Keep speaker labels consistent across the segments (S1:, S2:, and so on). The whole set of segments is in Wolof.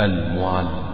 S1: المعلم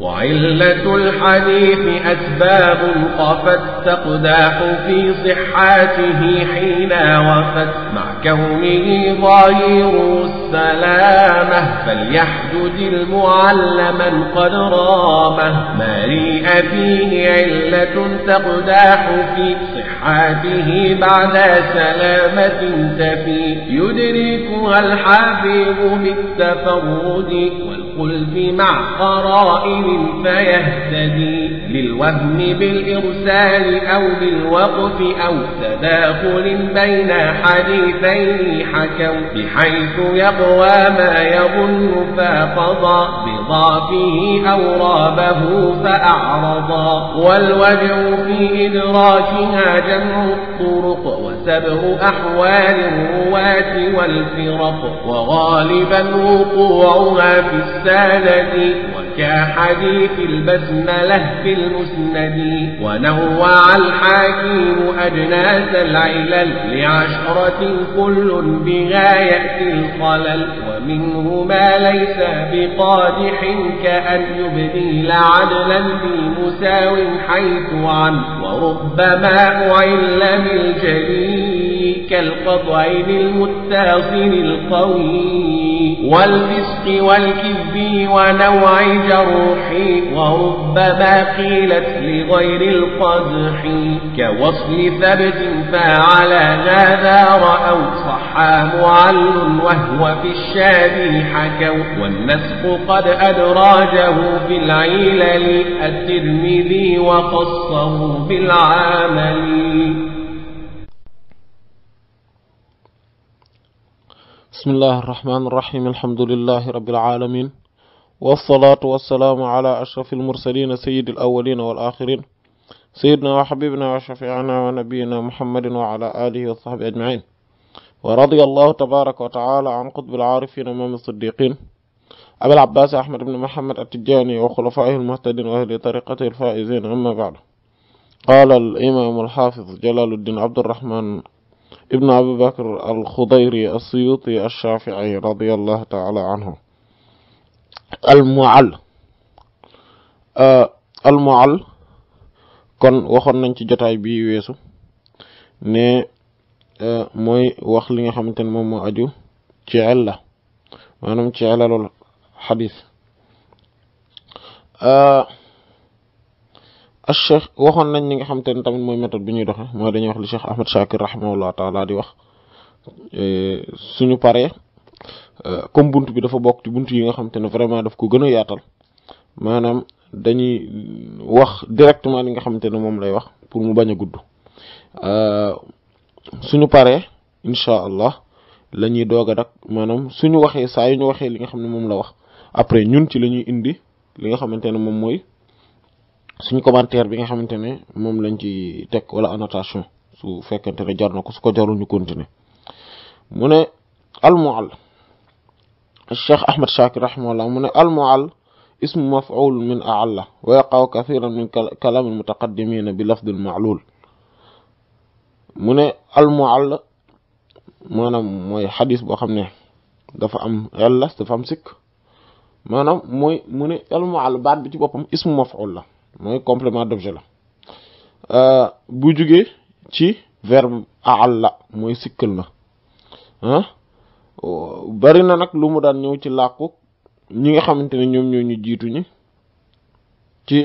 S1: وعلة الحديث أسباب قفت تقداح في صحاته حين وفت مع كونه ظهير السلامة فليحدد المعلما قد رامه ما لي فيه علة تقداح في صحاته بعد سلامة تفي يدركها الحافظ بالتفرد والقرآن القلب مع قرائن فيهتدي للوهم بالإرسال أو بالوقف أو تداخل بين حديثين حكوا بحيث يقوى ما يظن فقضى بضعفه أو رابه فأعرضا والوجه في إدراكها جمع الطرق وسبع أحوال الرواة والفرق وغالبا وقوعها في السنة الرسالة كحديث البسملة في المسند ونوع الحكيم أجناس العلل لعشرة كل بها يأتي الخلل ومنه ما ليس بقادح كأن يبديل عدلا مساو حيث عن وربما أعل بالجليل كالقطعين المتاصل القوي والفسق والكذب ونوع جرح وربما قيلت لغير القدح كوصل ثبت فعلى هذا رأوا صحى معل وهو في الشادي حكوا والنسق قد أدراجه في العلل الترمذي وخصه بالعمل
S2: بسم الله الرحمن الرحيم الحمد لله رب العالمين والصلاة والسلام على أشرف المرسلين سيد الأولين والآخرين سيدنا وحبيبنا وشفيعنا ونبينا محمد وعلى آله وصحبه أجمعين ورضي الله تبارك وتعالى عن قطب العارفين إمام الصديقين أبي العباس أحمد بن محمد التجاني وخلفائه المهتدين وأهل طريقته الفائزين أما بعد قال الإمام الحافظ جلال الدين عبد الرحمن ابن أبي بكر الخضيري السيوطي الشافعي رضي الله تعالى عنه المعل آه المعل كان وخون نانتي جوتاي بي ويسو ني آه موي واخ ليغا خامتن موم مو اديو تي علا مانام تي علا لول حديث آه cheikh waxon nañ ni nga xamante tamit moy méthode bi ñuy doxé mooy dañuy wax li cheikh ahmed shakir rahimahullah taala di wax e, suñu euh comme buntu bi dafa bok ci buntu yi nga xamante vraiment daf ko gëna yaatal manam dañuy wax directement li nga xamante mom lay wax pour mu baña a euh suñu paré inshallah allah doga ñuy doog dak maanaam suñu waxé sa yu ñu waxee li nga xam mom la wax après ñun ci lañuy indi li nga xamante mom moy suñu commentaire bi nga xamante ne moom lañ ci teg wala annotation su fekkente ne jar na ko su ko jarul ñu continuer mu ne almual cheikh ahmad shakir rahimahullah mu ne almual ismu maf'ul min a'alla wa yaqaw kathiran min kalam almutaqaddimin bi lafd alma'lul mu ne almual maanaam mooy xadis boo xam ne dafa am illa dafa am sikk maanaam mooy mu ne almual baat bi ci boppam ismu maf'ul la moy complément d'objet la bu jugé ci verbe aalla moy sikkel na ah bari na nak lu mu daan ñëw ci laqku ñi nga xamanteni ñom ñoo ñu jitu ñi ci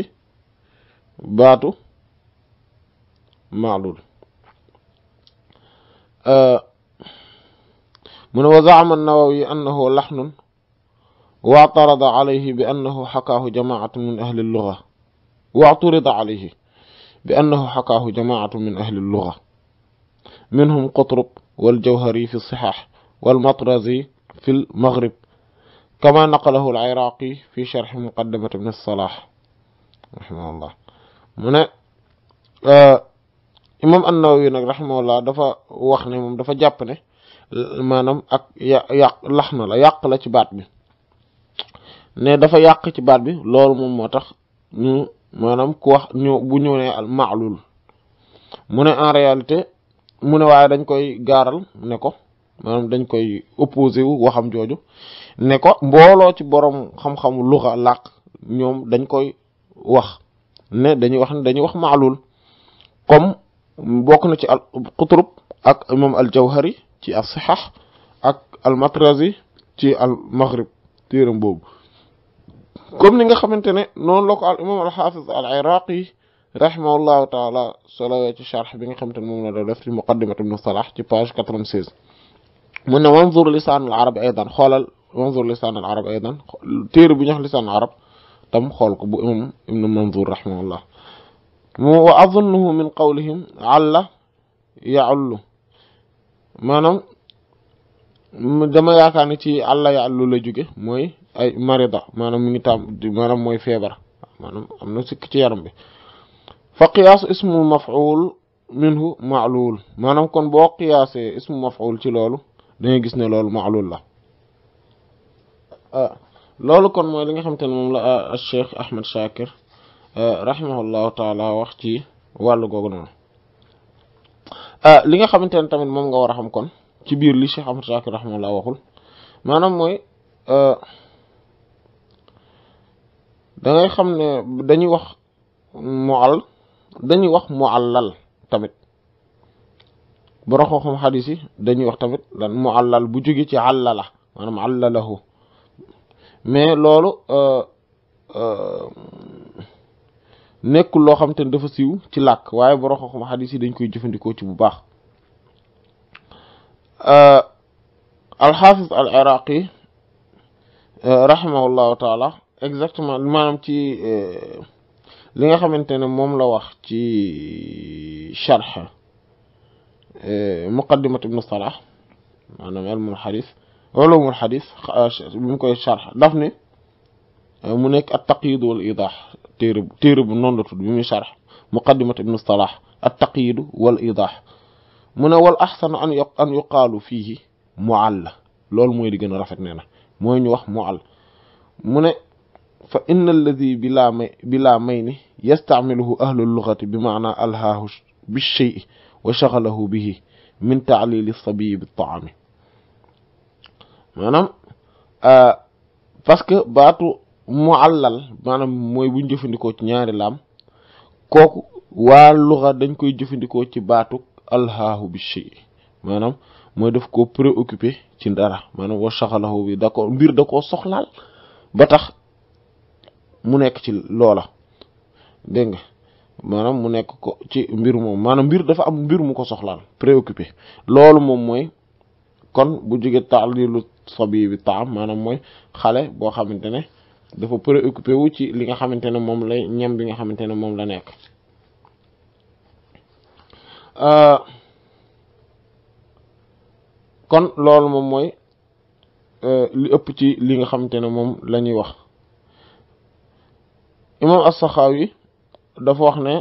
S2: baatu ma'lul euh mun wa zaama an-Nawawi annahu lahnun wa tarada alayhi bi annahu hakahu jamaatun min ahli al-lughah واعترض عليه بأنه حكاه جماعة من أهل اللغة منهم قطرب والجوهري في الصحاح والمطرزي في المغرب كما نقله العراقي في شرح مقدمة ابن الصلاح رحمه الله من آه امام النووي رحمه الله دفا وخني مم دفا جابني مانام اك ياق لا يقل لا سي بات بي ني دفا ياق سي بات لول مم موتاخ ني maanaam ku wax ñu bu ñu ne al maalul mu ne en réalité mu ne waaye dañ koy gaaral ne ko maanaam dañ koy opposé wu waxam jooju ne ko mbooloo ci borom xam-xamu luxa làq ñoom dañ koy wax ne dañuy wax ne dañuy wax maalul comme bokk na ci al xutrub ak imam al jawhari ci as sixax ak al matrazi ci al maghrib téeram boobu comme ni nga xamante ne noonu la ko al imam al xaafiz al iraqi rahimahullahu taala solowee ci charx bi nga xamante ne moom la def ci muqaddimat ibnu salah ci page 96 mu ne wanzur lisaan al arab aydan xoolal wanzur lisaan al arab aydan téere bu ñax lisaan al arab tam xool ko bu imam ibnu manzur rahimahullah mu wa azunnuhu min qawlihim alla ya'ullu maanaam dama yaakaar ne ci alla ya'ullu la jóge mooy ay marida maanaam mi ngi tam maanaam mooy feebar maanaam am na sikk ci yaram bi fa qiyaas ismul maf'ul minhu ma'lul maanaam kon boo qiyaasee ismu maf'ul ci loolu dangay gis ne loolu ma'lul la ah, loolu kon mooy li nga xamante ne moom la ah, Cheikh Ahmed Shakir ah, rahimahullahu taala wax ci wàllu googu noonu li nga xamante ne tamit moom nga war a xam kon ci biir li Cheikh Ahmed Shakir rahimahullah waxul maanaam mooy da ngay xam ne dañuy wax mual dañuy wax muallal tamit boroo xam hadisi dañuy wax tamit lan muallal bu jóge ci àllala manam àllalahu mais loolu nekkul loo xam te ne dafa siiw ci làkk waaye boroo xam hadisi dañ koy jëfëndiko ci bu baax alxaafis al iraqi rahimahullahu taala exactement manam ci li nga xamantene mom la wax ci sharh charx muqaddimat ibn salah maanaam elmul xadis ulumul xadis bi mu koy sharh daf ne mu nek at taqyid wal idah tere tere non la tud bi muy charx muqaddimat ibn salah at taqyid wal idah mu wal ahsan an an yuqaalu fihi mualla lol moy di gëna rafet neena moy ñu wax muàll mu فإن الذي بلا, بلا مين يستعمله أهل اللغة بمعنى ألهاه بالشيء وشغله به من تعليل الصبي بالطعام maanaam parce que baatu muallal maanaam mooy buñ jëfandikoo ci ñaari laam kooku waa luxa dañ koy jëfandikoo ci baatu alhaahu bi shay maanaam mooy daf koo préoccupé ci dara maanaam wa shaxalahu bi da ko mbir da koo soxlaal ba tax mu nekk ci loola dégg nga maanaam mu nekk ko ci mbir moom maanaam mbir dafa am mbir mu ko soxlaal préoccupé loolu moom mooy kon bu jóge taalilu sabi bi taam maanaam mooy xale boo xamante ne dafa préoccupé wu ci li nga xamante ne moom lay ñam bi nga xamante ne moom la nekk euh, kon loolu moom mooy euh, li ëpp ci li nga xamante ne moom la ñuy wax imam as sakhawi dafa wax ne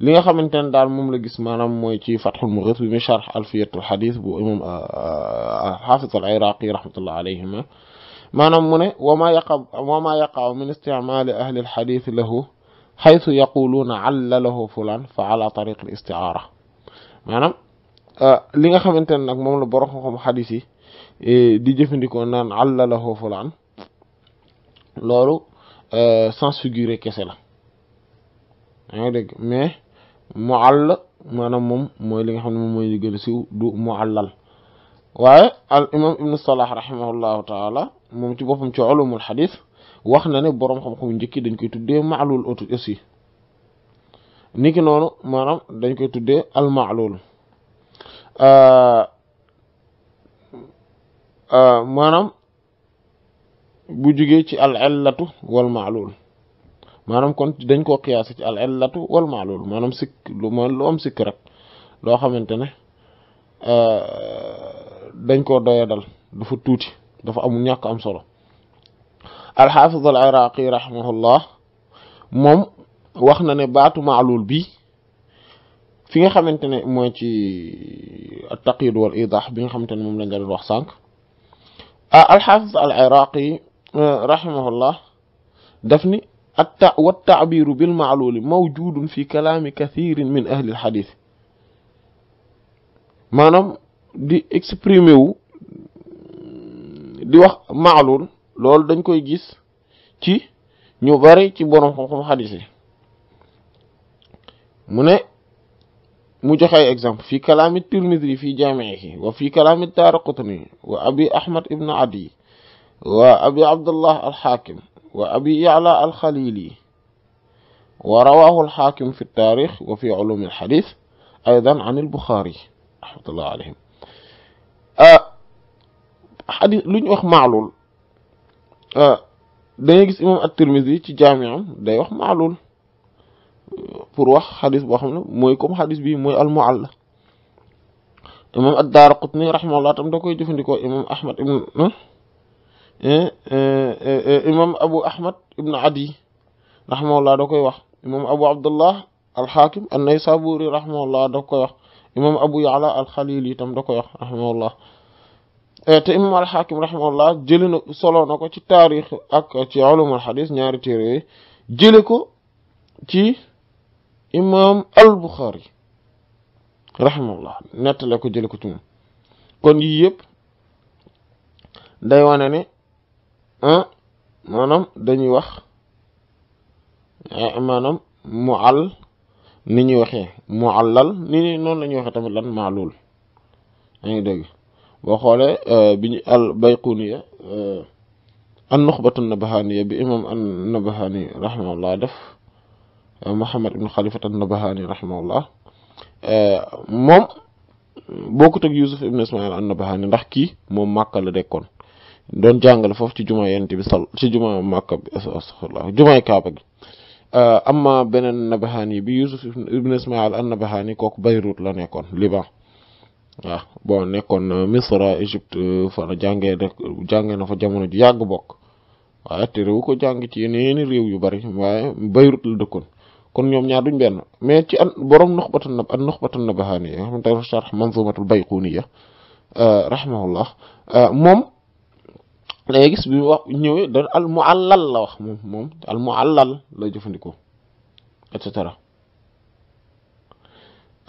S2: li nga xamantene dal mom la gis manam moy ci Fathul Mughith bi mi sharh alfiyatul hadith bu imam hafiz al-Iraqi rahmatullah alayhima manam mune ne wa ma yaqa wa ma min isti'mal ahli al-hadith lahu حيث يقولون alla lahu fulaan fa ala tariq al-isti'aara maanaam li nga xamante ne nag moom la borom xam-xam di jëfandikoo naan alla lahu fulaan loolu Euh, sens figuré kese la yaa dégg mais muall maanaam moom mooy li nga xam ne moom mooy li gën siiw du muallal waaye al imam ibnu salah rahimahullahu taala moom ci boppam ci ulumul xadis wax na ne boroom xam-xamu njëkki dañ koy tuddee maalul aussi niki noonu maanaam dañ koy tuddee al maalul euh, euh, maanaam bu jugee ci al illatu wal ma'lul manam kon dañ ko qiyas ci al illatu wal ma'lul manam sik lu mo lu am sik rek lo xamantene euh dañ ko koo doyadal dafa tuuti dafa amul ñak am solo al hafiz al iraqi rahimahullah mom wax na ne batu ma'lul bi fi nga xamantene ne ci at taqyid wal idah bi nga xamantene mom la nga doon wax sank al hafiz al iraqi rahimahullah daf ni atta wa taabiru bil ma'luli mawjudun fi kalaami kathirin min ahli di exprimer wu di wax loolu dañ koy gis ci ñu bari ci borom xam-xam xadis yi mu ne mu joxe ay exemple fi kalaami tirmidhi fi jaamihi wa fi kalaami daaraqutni wa abi ahmad ibn adi وأبي عبد الله الحاكم وأبي يعلى الخليلي ورواه الحاكم في التاريخ وفي علوم الحديث أيضا عن البخاري رحمة الله عليهم آه، حديث لن يخ معلول دي يجيس إمام الترمذي في جامعة دي يخ معلول فروح حديث بخمنا مويكم حديث بي موي المعلى إمام الدار قطني رحمه الله تم دكو يجفن إمام أحمد إمام imam abu ahmad ibn adi rahimahullah da koy wax imam abu abdullah alxaakim an-naysaburi rahimahullah da koy wax imam abu ya'la alxalili itam da koy wax rahimahullah te imam alxaakim rahimahullah jëli na solo na ko ci taarix ak ci ulumul xadis ñaari téere yooyu jëli ko ci imam al buxaari rahimahullah nettale ko jëli ko kon yii yëpp day wane ah maanaam dañuy wax manam mu'al ni ñuy waxe mu'allal ni non lañuy waxe tamit lan ma'lul ñi deug bo xolé biñu al bayquniya an nukhbatun nabahaniya bi imam an nabahani rahimahullah def muhammad ibn xalifat an nabahani rahimahullah mom bokut ak yusuf ibn ismail an nabahani ndax ki mom màkka la dekkone don jangal foofu ci juma yent bi sal ci juma Makka bi astaghfirullah juma Kaaba gi amma benen nabahani bi Yusuf ibn Ismaïl nabahani kok beirut la nekkoon Liban waaw bon nekkoon misr egypt fa la jange rek jàngee na fa jamono ju yag bok waaye te rew ko jàng ci yeneen rew yu bari waaye beirut la dëkkoon kon ñom ñaar duñ ben mais ci an borom nukhbatun nab an nukhbatun nabahani ta sharh manzumatul bayquniya rahimahullah mom dangay gis bi ñëwee da al mu àllal la wax moom moom al mu àllal la jëfandikoo et cetera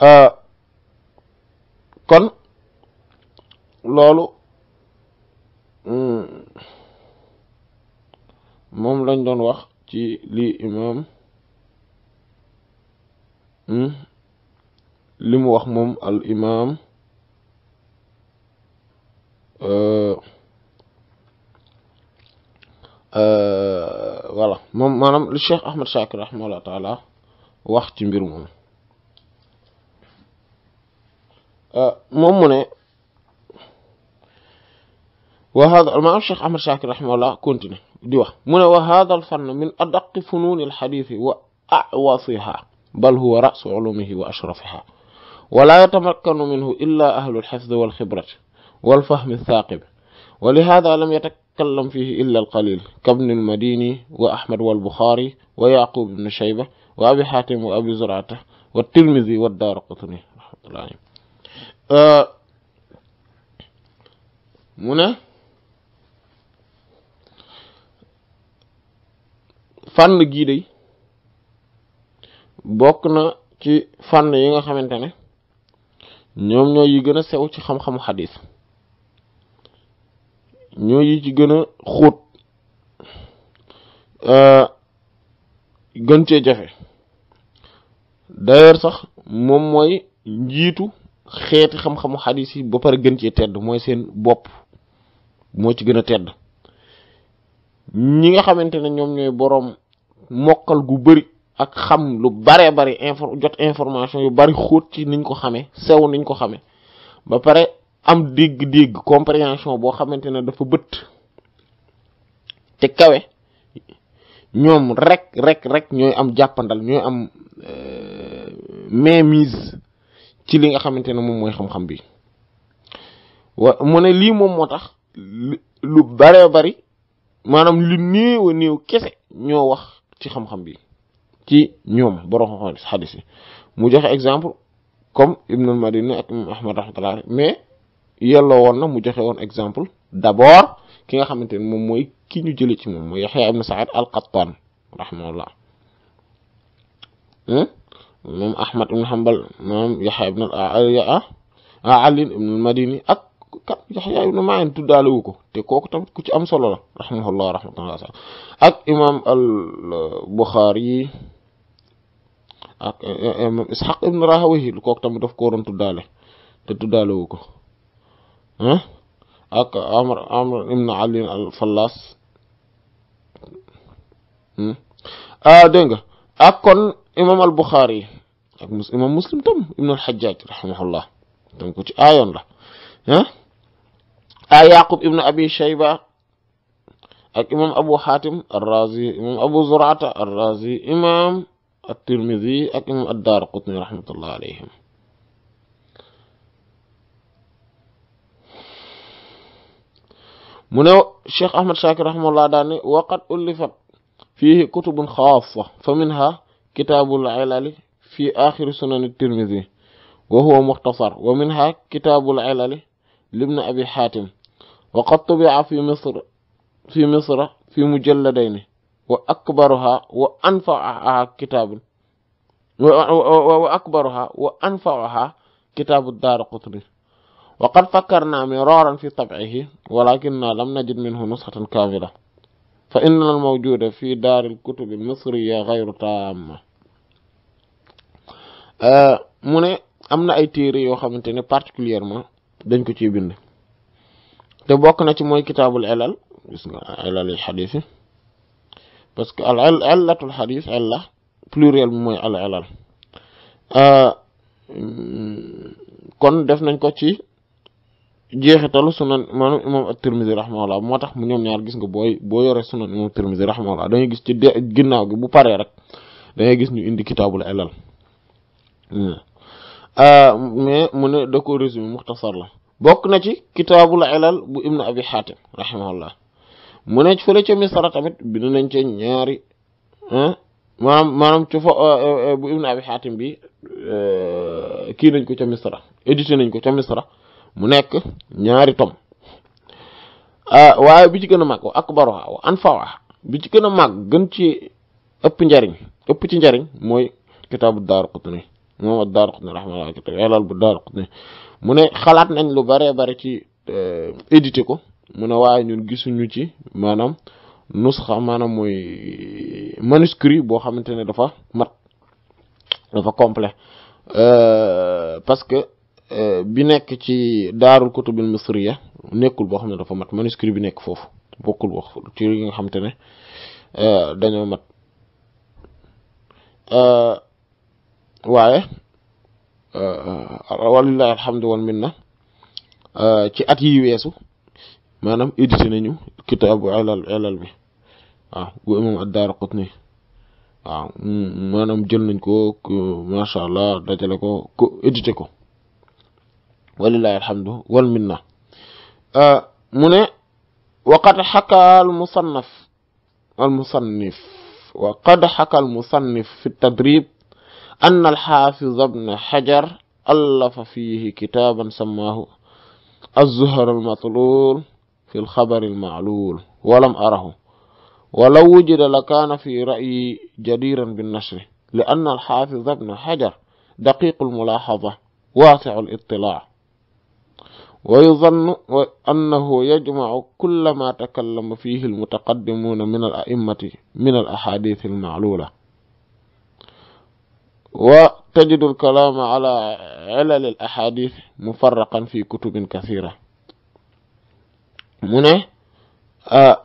S2: euh, kon loolu hmm, moom lañ doon wax ci lii imam hmm, li wax moom al imam euh, voilà mom manam le Cheikh Ahmad Shakir rahimahullah taala wax ci mbir moom moom mu ne wa hada maanaam Cheikh Ahmad Shakir rahimahullah continue di wax mu ne wa hada al fann min adaq funun al hadith wa awasiha bal huwa ra's ulumihi wa ashrafiha ولا يتمكن منه إلا أهل الحفظ والخبرة والفهم الثاقب ولهذا لم يتك تكلم فيه إلا القليل كابن المديني وأحمد والبخاري ويعقوب بن شيبة وأبي حاتم وأبي زرعته والترمذي والدار قطني رحمة الله عليه آه منى فن جيدي day bokk فن ci fànn yi nga xamante ne ñoom ñoo yi ci gën a xóot euh, gën cee jafe d'ailleurs sax moom mooy njiitu xeeti xam-xamu xadis yi ba pare gën cee tedd mooy seen bopp moo ci gën a tedd ñi nga xamante ne ñoom ñooy boroom mokkal gu bari ak xam lu baree bari info jot information yu bari xóot ci niñ ko xamee sew niñ ko xamee ba pare am dégg-dégg compréhension boo xamante ne dafa bët te kawe ñoom rek rek rek ñooy am jàppandal ñooy am euh, mais mise ci li nga xamante ne moom mooy xam-xam bi wa ne lii moom moo tax lu bare bari maanaam lu néew a néew kese ñoo wax ci xam-xam bi ci ñoom borom xadis yi mu joxe exemple comme Ibnul Madini ak mais yelloo woon na mu joxe woon exemple d'abord ki nga xamante ne moom mooy ki ñu jële ci moom mooy Yaxya ibn Sa'id al-Qattan rahimahullah hmm? moom Ahmad ibn Hanbal Yaxya ibn ah, ah, ah, Ali ibn al-Madini ak kat Yaxya ibn Ma'in tuddaalewu ko te kooku tamit ku ci am solo la rahimahullah rahmatullah ak imam al-Bukhari ak imam eh, eh, eh, Ishaq ibn Rahawayh kooku tamit daf ko tuddaale te tuddaalewu ko ها امر امر ابن علي الفلاس اه دنگ اكون امام البخاري امام مسلم تم ابن الحجاج رحمه الله تم كوتي ايون آه، لا ها اه يعقوب ابن ابي شيبه امام ابو حاتم الرازي امام ابو زرعه الرازي امام الترمذي امام الدارقطني رحمه الله عليهم منو الشيخ أحمد شاكر رحمه الله داني وقد ألفت فيه كتب خاصة فمنها كتاب العلل في آخر سنن الترمذي وهو مختصر ومنها كتاب العلل لابن أبي حاتم وقد طبع في مصر في مصر في مجلدين وأكبرها وأنفعها كتاب وأكبرها وأنفعها كتاب الدار قطري وقد فكرنا مرارا في طبعه ولكننا لم نجد منه نسخة كاملة فإن الموجود في دار الكتب المصرية غير تامة mu ne am na ay téere yoo xamante ne particulièrement dañ ko ciy bind te bokk na ci mooy kitaabul elal gis nga elal yi xadis yi parce que al ellatul xadis ella pluriel bi mooy al elal ah, mm, kon def nañ ko ci jeexitalu sunan maanaam imam at-Tirmidhi rahimahullah moo tax mu ñoom ñaar gis nga booy boo yore sunan imam at-Tirmidhi rahimahullah da gis ci ginnaaw gi bu paree rek da gis ñu indi kitaabul ilal hmm. ah, mais mu ne da ko résumé muxtasar la bokk na ci kitaabul ilal bu ibnu abi xaatim rahimahullah mu ne fële ca misra tamit bind nañ ci ñaari ah, maanaam maanaam ci fa eh, eh, bu ibnu abi xaatim bi eh, kii nañ ko ca misra nañ ko ca mu nekk ñaari tom ah, waaye bi ci gën a mag wa akbaruha wa anfawa bi ci gën a mag gën ci ëpp njariñ ëpp ci njariñ mooy kitaabu Daaraqutni moom ak Daaraqutni rahmatullahi kitaab Ilaal bu Daaraqutni mu ne xalaat nañ lu bare bare ci eh, édité ko mu ne waaye ñun gisuñu ci maanaam nusxa maanaam mooy manuscrit boo xamante ne dafa mat dafa complet eh, parce Euh, bi nekk ci daarul kutubil misriya nekkul boo xam ne dafa mat manuscrit bi nekk foofu bokkul wax ci yi nga xam te ne euh, dañoo mat euh, waaye walillahi alhamdu wal minna ci at yi weesu maanaam édité nañu kitaabu ilal ilal bi waaw bu imam ad-Daaraqutni waaw maanaam jël nañ ko macha allah dajale ko ko édité ko ولله الحمد والمنه آه، من وقد حكى المصنف المصنف وقد حكى المصنف في التدريب أن الحافظ ابن حجر ألف فيه كتابا سماه الزهر المطلول في الخبر المعلول ولم أره ولو وجد لكان في رأيي جديرا بالنشر لأن الحافظ ابن حجر دقيق الملاحظة واسع الاطلاع ويظن أنه يجمع كل ما تكلم فيه المتقدمون من الأئمة من الأحاديث المعلولة وتجد الكلام على علل الأحاديث مفرقا في كتب كثيرة من آه،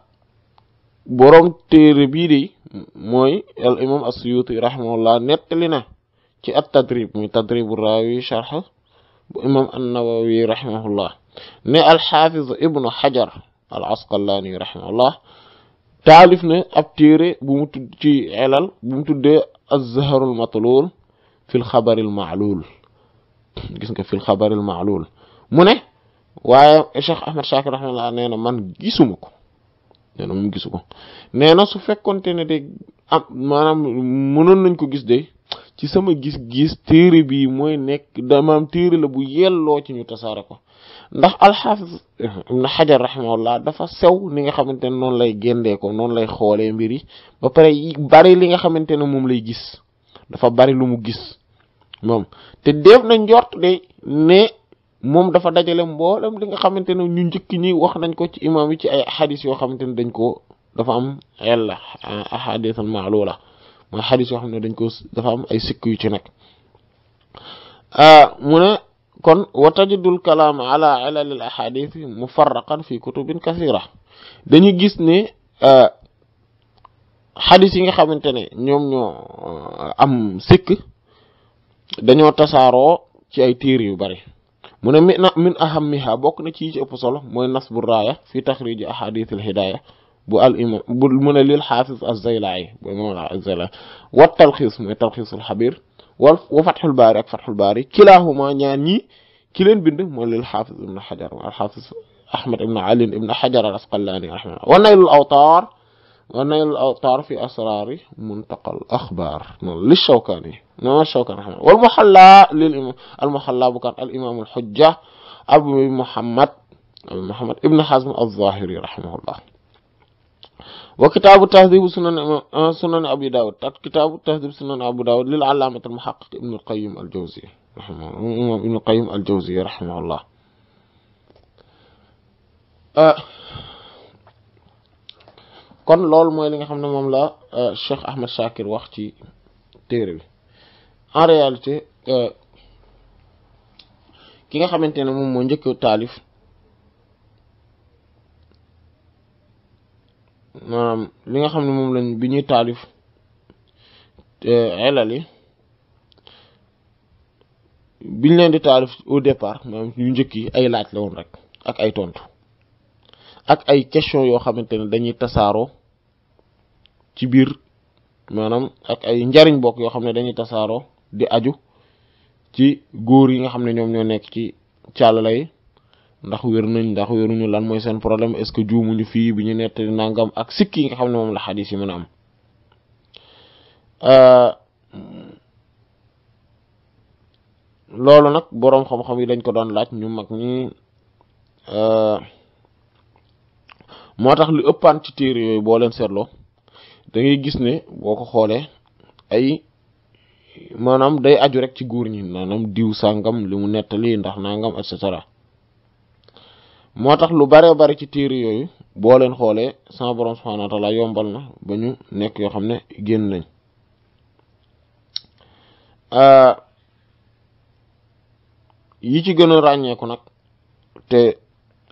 S2: بروم تيربيدي موي الإمام السيوطي رحمه الله نتلنا كي التدريب من تدريب الراوي شرحه bu imam annawawi rahimahullah ne alxaafiz ibnu xajar al asqalaani rahimahullah taalif ne ab téere bu mu tudd ci elal bu mu tuddee azzaharul matluul fil xabaril maaluul gis nga fil xabaril maaluul mu ne waaye Cheikh Ahmed Shakir rahimahullah nee na man gisuma ko nee na moom ko nee na su fekkonte ne de am maanaam mënoon nañ ko gis de ci sama gis-gis téere bi mooy nekk damaam téere la bu yelloo ci ñu tasaare ko ndax alxaafis ibn xajar rahimahullah dafa sew ni nga xamante ne noonu lay géndee ko noonu lay xoolee mbir yi ba pare bari li nga xamante ne moom lay gis dafa bari lu mu gis moom te def na njort de ne moom dafa dajale mboolem li nga xamante ne ñu njëkk ñi wax nañ ko ci imaam yi ci ay ahadis yoo xamante ne dañ ko dafa am ella ahadis al maalula moy hadith yo xamne dañ ko dafa am ay sikku yu ci nek ah kon wa kalam, ala ala ilal al ahadith mufarraqan fi kutubin kasira dañu gis ne hadith ah, yi nga xamantene ñom ñoo ah, am sikk dañoo tasaro ci ay téere yu bari Muna min ahammiha bok na ci ci ëpp solo moy nasbu raya fi takhrij ahadith al hidayah بالمن للحافظ الزيلعي بمن الزيلع والتلخيص من تلخيص الحبير وفتح الباري فتح الباري كلاهما يعني كلين بند من الحافظ ابن حجر الحافظ أحمد ابن علي ابن حجر الأسقلاني رحمه الله ونيل الأوطار ونيل الأوطار في أسراري منتقى الأخبار من للشوكاني من الشوكاني رحمه والمحلى المحلى بكر الإمام الحجة أبو محمد أبو محمد ابن حزم الظاهري رحمه الله وكتاب تهذيب سنن آه، سنن أبي داود كتاب تهذيب سنن أبو داود للعلامة المحقق ابن القيم الجوزي رحمه الله ابن القيم الجوزي رحمه الله كون لول موي ليغا خامن موم لا الشيخ احمد شاكر Ahmed Shakir wax ci téere bi en réalité آه، ki nga xamante maanaam li nga xam ne moom lañ bi ñuy taalif eh, elal yi biñ leen di taalif au départ maanaam yu njëkk yi ay laaj la woon rek ak ay tontu ak ay question yoo xamante ne dañuy tasaaroo ci biir maanaam ak ay njariñ bokk yoo xam ne dañuy tasaaroo di aju ci góor yi nga xam ne ñoom ñoo nekk ci càllala yi ndax wër nañ ndax wéruñu lan moy seen problème est ce que juumuñu fi bi ñu nettali nangam ak sikki nga xamne mom la hadith yi mëna a am euh, lolu nak borom xam-xam yi dañ ko doon laaj ñu mag ni euh motax lu ëppaan ci yoy bo leen da ngay gis ne boko xolé ay manam day aju rek ci góor ñi manam diw sangam limu netali ndax nangam et cetera moo tax lu bare bari ci téere yooyu boo leen xoolee sama borom subhaanahu yombal na bañu nekk yoo xam ne génn nañ euh, yi ci gën a ràññeeku nag te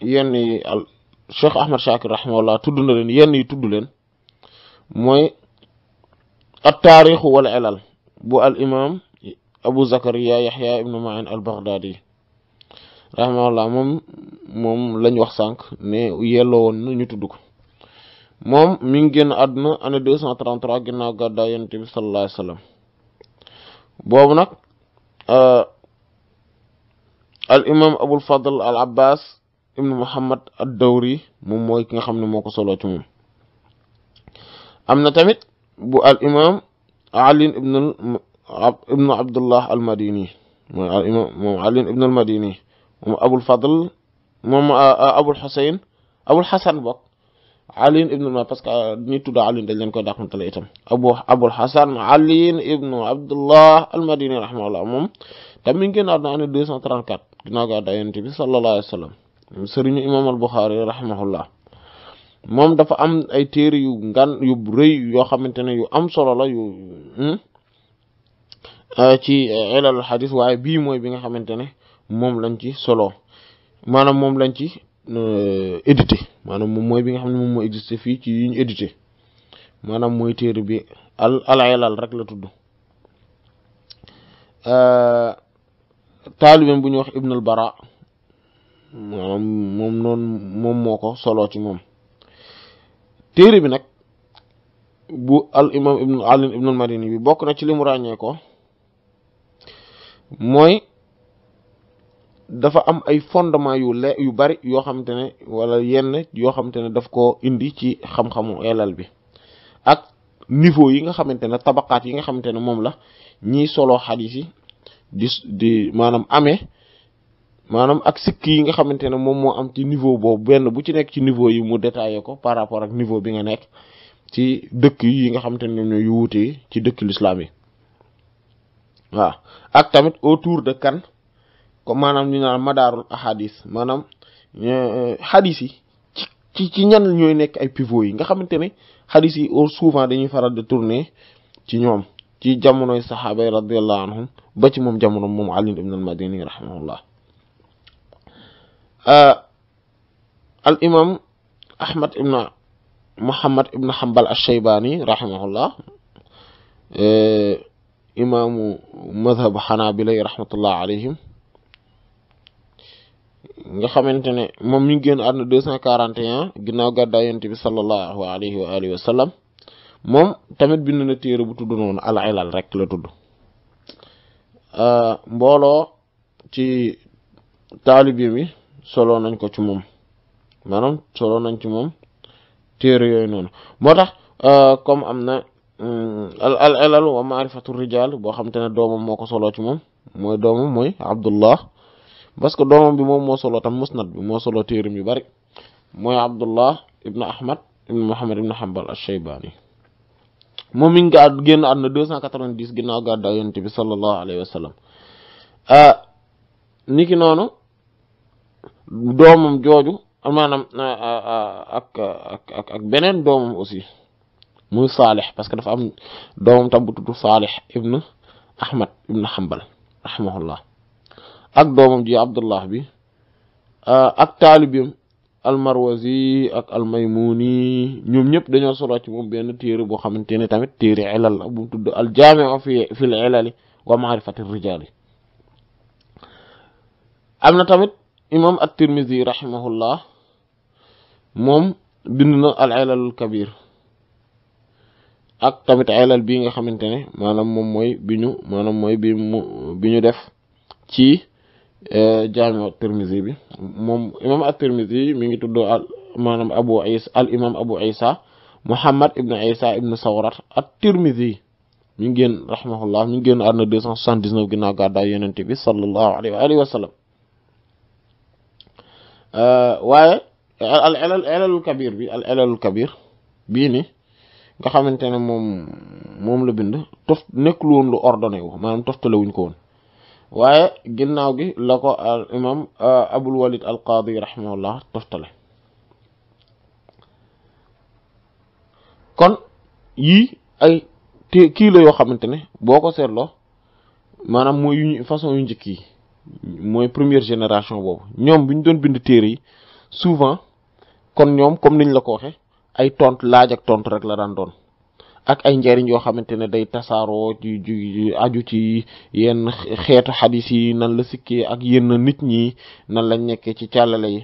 S2: yenn yi al Cheikh Ahmad Shakir rahimahullah tudd na leen yenn yi tudd leen mooy at taarixu wala ilal bu al imam Abu Zakaria Yahya ibnu Ma'in al Baghdadi رحمة الله مم مم لن يحسنك نيلون نيتدوك مم مينجن أدنى أنا دوس نتران تراجعنا قد أين تبي صلى الله عليه وسلم بوابناك الإمام أبو الفضل العباس ابن محمد الدوري مم ويكن خمن موك صلى الله عليه وسلم أم نتمت بو الإمام علي ابن ابن عبد الله المديني الإمام علي ابن المديني moom abul fadl moom euh, euh, abul xuseyn abul xasan bokk aliin ibnu ma parce que euh, ñi tudd aliin dañ leen koy dàqantale itam abu abul xasan aliin ibnu abdullah almadini rahimahullah moom tam mi ngi génn àdduna année deux cent trente quatre ginnaaw ga àddaa yonent bi sallallahu alayhi wa sallam sëriñu imaam al buxaari rahimahullah moom dafa am ay téere yu ngan yu rëy yoo xamante ne yu am solo la yu hmm, ci ilalul xadis waaye bii mooy bi nga xamante ne mom lañ ci solo manam mom lañ ci euh, éditer manam mom moy bi nga xam mom moom exister fi ci yi éditer manam moy téré bi al al rek la tuddu euh talibem ñuy wax Ibn al-Bara manam mom non mom moko solo ci mom téré bi nak bu al imam ibn Ali ibn al-Madini bi bok na ci limu mu ko mooy dafa am ay fondement yu le yu bari yoo xamante ne wala yenn yoo xamante ne daf koo indi ci xam-xamu elal bi ak niveau yi nga xamante ne tabaqaat yi nga xamante ne moom la ñiy solo xadiis yi di maanaam amee maanaam ak sikk yi nga xamante ne moom moo am ci niveau boobu benn bu ci nekk ci niveau yi mu détaillé ko par rapport ak niveau bi nga nekk ci dëkk yi nga xamante ne ñoom yu wuute ci dëkk l'islam yi waaw ak tamit autour de kan comme maanaam ñu naan madaarul ahadis maanaam euh, hadis yi ci ci ñan ñooy nekk ay pivot yi nga xamante ne hadis yi au souvent dañuy faral de tourner ci ñoom ci jamonoy saxaaba yi radiyallahu anhum ba ci moom jamono moom Ali ibn al-Madini rahimahullah euh, al imam Ahmad ibn Muhammad ibn Hanbal ash-Shaybani rahimahullah euh, imaamu madhab xanaabila rahmatullah alayhim nga xamante ne moom mi génn àdduna deux cent quarante et un ginnaaw gàddaay yonent bi sallallahu alayhi wa alihi wa sallam moom tamit bind na téere bu tudd noonu al rek la tudd euh, mbooloo ci taalibe bi solo nañ ko ci moom maanaam solo nañ ci moom téere yooyu noonu moo tax euh, comme am na al mm, al ilal wa maarifatu rijaal boo xam te ne doomam moo ko solo ci moom mooy doomam mooy abdullah parce que doomam bi moom moo solo tam musnad bi moo solo téeram yu bari mooy abdullah ibn ahmad ibn muhammad ibn hanbal ash-shaybani moom mi ngi gaa génn àdduna deux cent quatre-vingt-dix ginnaaw gàddaay yonent bi sallallahu alayhi wa sallam ah, niki noonu doomam jooju maanaam ah, ah, ak ak ak ak beneen doomam aussi muy saalix parce que dafa am doomam tam bu tudd saalix ahmad ibn hanbal rahimahullah ak domam ji abdullah bi ak talibim al marwazi ak al almaymuni ñom ñep dañu solo ci mom ben téré bo xamante tamit téré ilal la bu tudd aljaamiu fi fi l ilal wa maarifati ar-rijal amna tamit imam at-tirmidhi rahimahullah mom moom al ilal al kabir ak tamit ilal bi nga xamante manam mom moy biñu manam moy maanaam bi mu def ci جامع الترمذي بي موم امام الترمذي ميغي تودو مانام ابو عيسى الامام ابو عيسى محمد ابن عيسى ابن ثورات الترمذي ميغين رحمه الله ميغين ارنا 279 غينا غادا يونتي بي صلى الله عليه واله وسلم ا واي العلل العلل الكبير بي العلل الكبير بي ني nga xamantene mom mom la bind tof nek lu won lu ordonné wu manam toftalewuñ ko won waaye ginnaaw gi la ko al imam euh, abul walid al qaadi rahimahullah toftale kon yii ay te kii la yoo xamante ne boo ko seetloo maanaam mooy yu façon yu njëkk yi mooy première génération boobu ñoom bi ñu doon bind téere yi souvent kon ñoom comme niñ la ko waxe ay tontu laaj ak tont rek la daan doon ak ay njariñ yoo xamante ne day tasaaroo ci aju ci yenn xeetu xadis yi nan la sikkee ak yenn nit ñi nan lañ nekkee ci càllale yi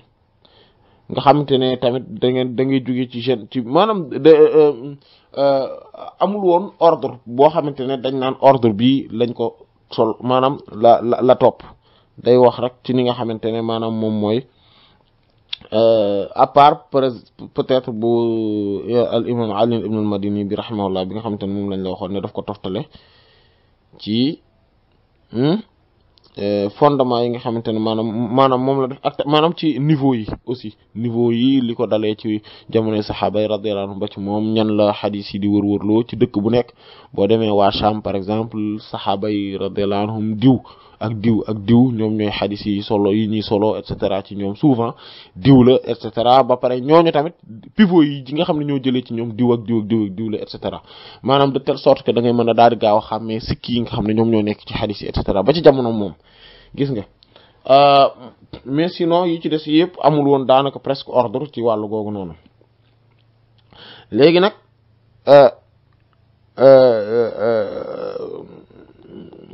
S2: nga xamante ne tamit da ngeen da ngay jóge ci jeune ci maanaam de euh, euh, euh, amul woon ordre boo xamante ne dañ naan ordre bi lañ ko sol maanaam la la topp day wax rek ci ni nga xamante ne maanaam moom mooy Euh, à part peut-être bu al imam ali ibn al madini bi rahimahullah bi nga xamante ne moom lañ la waxoon ne def ko toftale ci hmm, euh, fondement yi nga xamante ne maanaam maanaam moom la def ak maanaam ci niveau yi aussi niveau yi li ko dalee ci jamonoy saxaaba yi radiyallahu anhum ba ci moom ñan la xadis yi di wër-wërloo ci dëkk bu nekk boo demee waa Sham par exemple saxaaba yi radiyallahu anhum diw ak diw ak diw ñoom ñooy xadis yi solo yi ñuy solo et cetera ci ñoom souvent diw la et cetera ba pare ñooñu tamit pivo yi nga xam ne ñoo jëlee ci ñoom diw ak diw ak diw ak diw la maanaam de telle sorte que dangay mën a daal di gaaw a xàmmee sikki nga xam ne ñoom ñoo nekk ci xadis yi et cetera ba ci jamono moom gis nga euh, mais sinon yi ci des yëpp amul woon daanaka presque ordre ci wàllu googu noonu léegi nag euh, euh,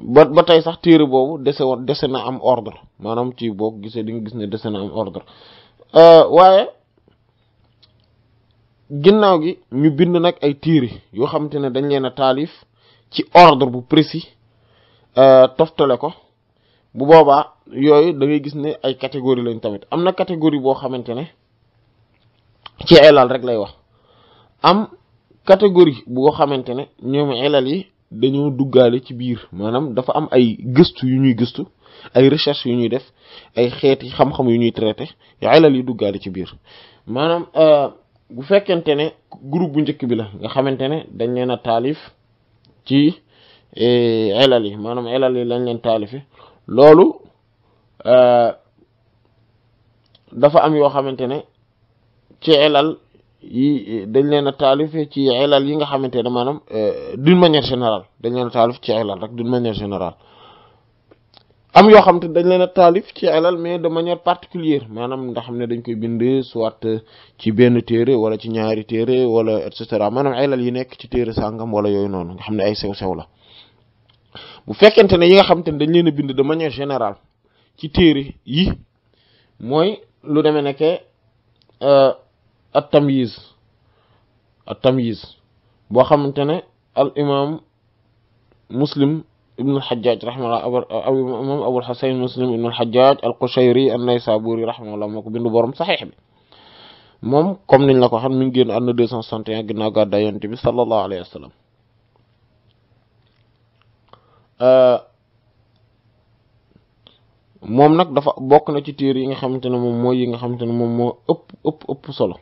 S2: ba ba tay sax téré bobu déssé won déssé na am ordre manam ci bok gisé di nga gis né déssé na am ordre euh, waaye ginnaw gi ñu bind nak ay téré yo xamante ne dañ leena talif ci ordre bu précis euh, toftale ko bu boba yoy da ngay gis né ay catégorie lañ tamit amna catégorie bo xamante ne ci élal rek lay wax am catégorie bu xamante ne ñoom élal yi dañoo duggaale ci biir maanaam dafa am ay gëstu yu ñuy gëstu ay recherche yu ñuy def ay xeeti xam-xam yu ñuy traité xelal yi duggaale ci biir maanaam euh, bu fekkente ne groupe bu njëkk bi la nga xamante ne dañ leen a taalif ci xelal eh, yi maanaam xelal yi lañ leen taalifi loolu euh, dafa am yoo xamante ne ci xelal yi dañ leen a taalif ci ilal yi nga xamante ne maanaam euh, d'une manière générale dañ leen a taalif ci ilal rek d'une manière générale am yoo xam te dañ leen a taalif ci ilal mais de manière particulière maanaam nga ne dañ koy bind soit ci benn téere wala ci ñaari téere wala et cetera maanaam ilal yi nekk ci téere sàngam wala yooyu noonu nga xam ne ay sew-sew la bu fekkente ne yi nga xam te ne dañ leen a bind de manière générale ci téere yi mooy lu demee at tamyiz at tamyiz boo xamante ne al imaam muslim ibnu alxajaj raximahullah abu imaam abul xusayn muslim ibnu alxajaj al qushayri an naysaburi raximahullah moo ko bindu borom saxiix bi moom comme niñ la ko xam mi ngi génn àdduna deux cent soixante et un ginnaaw gàddaay yonent bi sallallahu alayhi wa moom nag dafa bokk na ci téere yi nga xamante ne moom mooy yi nga xamante ne moom moo ëpp ëpp ëpp solo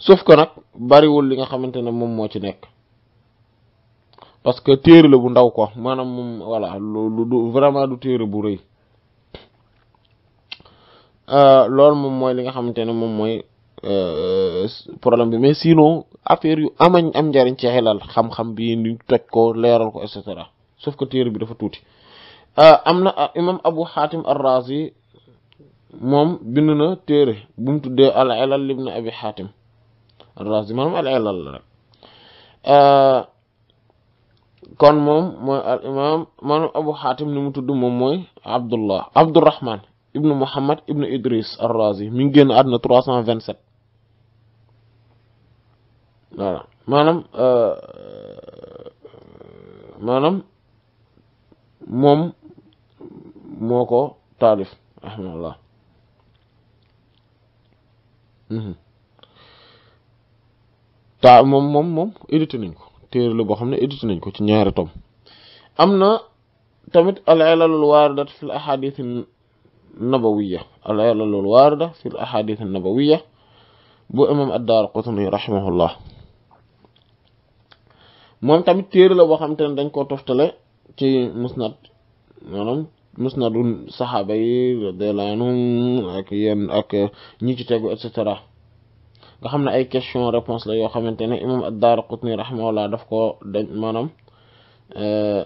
S2: sauf que nag bariwul li nga xamante ne moom moo ci nekk parce que téere la bu ndaw quoi maanaam moom voilà lu vraiment du téere bu rëy euh, loolu moom mooy li nga xamante ne moom mooy euh, problème bi mais sinon affaire yu amañ am njariñ ci lal xam-xam bi ni toj ko leeral ko et cetera sauf que téere bi dafa tuuti euh, am na imam Abu Hatim ar-Razi moom bind na téere bu mu tuddee al-Ilal ibn Abi Hatim الرازي مرمى العيلة الله آه كون موم الامام مانو ابو حاتم نمو تدو موي عبد الله عبد الرحمن ابن محمد ابن ادريس الرازي من جن عدنا 327 لا لا مانم آه مانم موم موكو تالف رحمه الله ta mom mom mom édité nañ ko téré lu bo xamné édité nañ ko ci ñaari tom amna tamit al ilalul waarida fi al ahadith an-nabawiyya al ilalul waarida fi al ahadith an-nabawiyya bu imam ad-Daaraqutni rahimahullah mom tamit téré la bo xamné dañ ko toftale ci musnad maanaam musnadun sahaba yi radiyallahu anhum ak yéen ak ñi ci teggu et cetera nga xam ne ay question réponse la yoo xamante ne imam ad-Daaraqutni rahimahullah daf koo dañ maanaam euh,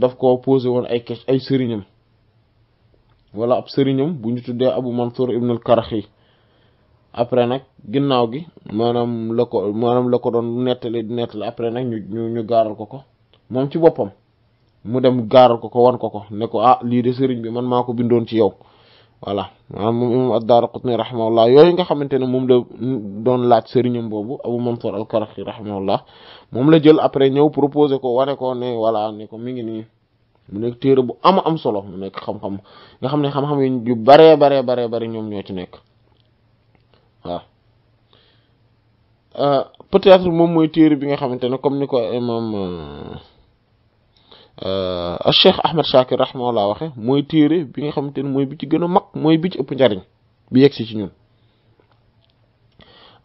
S2: daf koo posé woon ay question ay sëriñam wala ab sëriñam bu ñu tuddee Abu Mansour ibn al-Karaxi après nag ginnaaw gi maanaam la ko maanaam la ko doon nettali nettali après nag ñu ñu gaaral ko ko moom ci boppam mu dem gaaral ko ko wan ko ko ne ko ah lii de sëriñ bi man maa ko bindoon ci yow voilà maanaam moom imam ad-Daaraqutni rahimahullah yooyu nga xamante ne moom la doon laaj sëriñam boobu Abu Mansur al-Karaxi rahimahullah moom la jël après ñëw proposé ko wane ko ne voilà ne ko mi ngi nii mu nekk téere bu am am solo mu nekk xam-xam nga xam ne xam-xam yu baree baree baree bari ñoom ñoo ci nekk waaw euh, peut-être moom mooy téere bi nga xamante ne comme ni ko imam euh, Euh, al cheikh ahmed shakir rahimahullah waxe mooy téere bi nga xamante ne mooy bi ci gën a mag mooy bi ci ëpp njariñ bi yeggsi ci ñun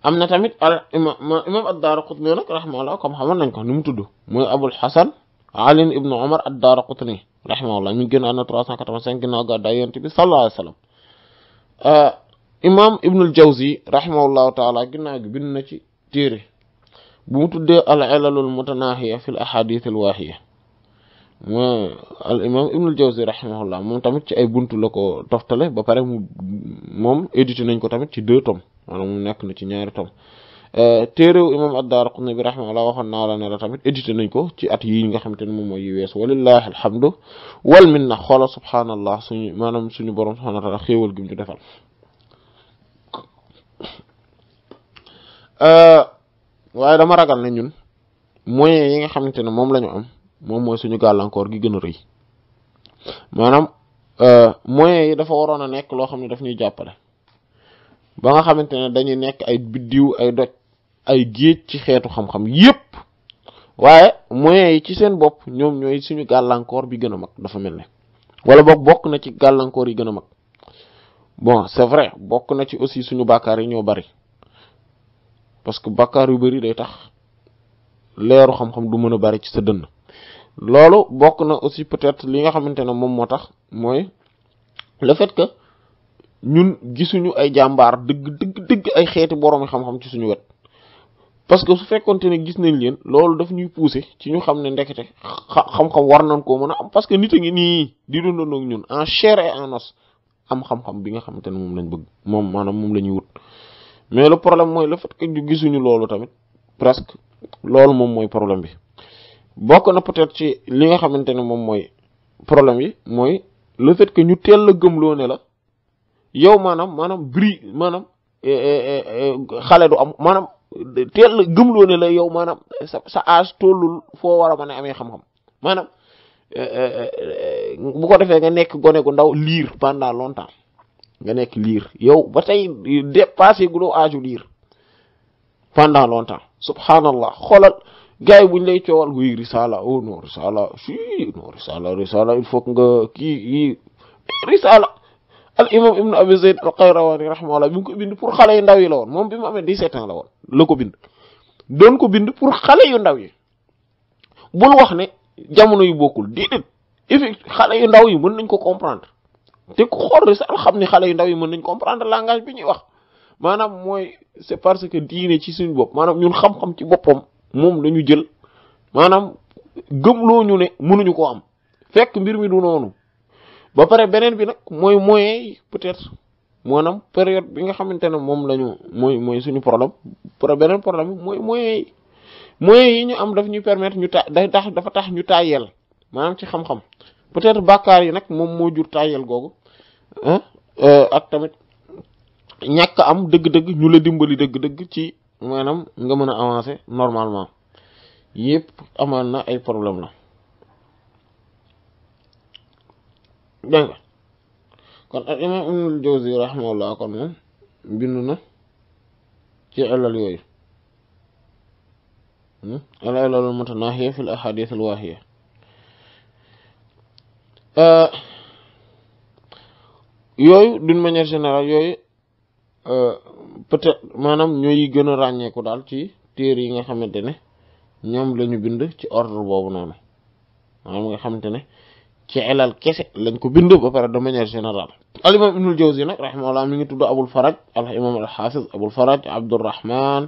S2: am na tamit al imam ad-Daaraqutni nag rahimahullah comme xamal nañ ko ni mu tudd mooy abul hasan ali ibn umar ad-Daaraqutni rahimahullah mi ngi gën a na 385 ginnaaw gàddaay yonent bi sallallahu alayhi wa sallam euh, imam ibn al-Jawzi rahimahullahu taala ginnaaw gi bind na ci téere bu mu tuddee al ilalul mutanahiya fi l ahadith mooy al imam ibnul jawzi rahimahullah moom tamit ci ay buntu la ko toftale ba pare mu moom édité nañ ko tamit ci deux tomes maanaam mu nekk na ci ñaari tomes euh, téeréew imam ad-Daaraqutni bi rahimahullah waxoon na la ne la tamit édité nañ ko ci at yi nga xamante ne moom mooy yi wees walillahi alhamdu wal minna xoola subhaanallah suñu maanaam suñu borom subhaanahu wa taala xéewal ñu defal euh, waaye dama ragal ne ñun moyens yi nga xamante ne moom la ñu am moom mooy suñu gàllankoor gi gën a rëy maanaam euh, moyens yi dafa waroon a nekk loo xam ne daf ñuy jàppale ba nga xamante ne dañuy nekk ay biddiw ay doj ay géej ci xeetu xam-xam yépp waaye moyens yi ci seen bopp ñoom ñooy suñu gàllankoor bi gën a mag dafa mel ne wala boog bokk na ci gàllankoor yi gën a mag bon c'est vrai bokk na ci aussi suñu bàkkaar yi ñoo bari parce que bàkkaar yu bari day tax leeru xam-xam du mën a bari ci sa dënn lolu bok na aussi peut-être li nga xamantene mom motax moy le fait que ñun gisunu ay jambar, deug deug deug ay xéeti borom xam-xam ci suñu wet parce que su fekkonté ni gis nañ leen lolu daf ñuy pousser ci ñu xam ne ndekete xam-xam war nañ ko mëna am parce que nit ngi nii di dundandoo ñun en chair et en os am xam-xam bi nga xamantene mom lañ bëgg mom manam mom la wut mais le problème moy le fait que ñu gisunu lolu tamit presque lolu mom moy problème bi bokk na peut-être ci li nga xamante ne moom mooy problème yi mooy le fait que ñu teel la gëmloo ne la yow maanaam maanaam bri maanaam eh, eh, eh, xale du am maanaam teel la gëmloo la yow maanaam sa sa âge tollul foo war a mën amee xam-xam maanaam bu ko defee nga nekk gone gu ndaw liir pendant longtemps nga nekk liir yow ba tey dépassé guloo âge u liir pendant longtemps subhanallah gay buñ lay ciowal guy risala oh non risala si non risala risala il faut nga ki yi risala al imam ibn abi zayd al qayrawani rahmalahu bi ko bind pour xalé yu ndaw yi la won mom bi amé 17 ans la won la ko bind don ko bind pour xalé yu ndaw yi bul wax né jamono yu bokul déedéet effet xalé yu ndaw yi mën nañ ko comprendre té ko xor risala xamni xalé yu ndaw yi mën nañ comprendre langage bi ñuy wax manam moy c'est parce que diiné ci suñu bop manam ñun xam-xam ci bopom mom lañu jël maanaam gëmloo ñu ne mënuñu ko am fekk mbir mi du nonu ba paré benen bi nak moy moyens peut-être monam période bi nga xamantene mom lañu moy moy suñu problème pro benen problème moy mooy moyens yi ñu am daf ñu permettre ñu ta tax dafa tax ñu tayel manam ci xam-xam peut-être bakkar yi nak mom mo jur tàyyeel hein ah, euh ak tamit ñak am deug deug ñu la dimbali deug deug ci. maanaam nga mën a avancer normalement yëpp amaan na ay problème la dégg nga kon al imam ibnul jawzi rahimahullah kon moom bind na ci alal yooyu hmm? al alalul mutanahiya fi l ahadith al wahiya euh, yooyu d'une manière générale yooyu Euh, peut-être maanaam ñooy gën a ràññeeku daal ci téere yi nga xamante ne ñoom la ñu bind ci ordre boobu noonu maanaam nga xamante ne ci elal kese lañ ko bind ba pare de manière générale al imam ibnul jawzi nag rahimahullah mi ngi tudd abul faraj al imam al xaafiz abul faraj abdurrahman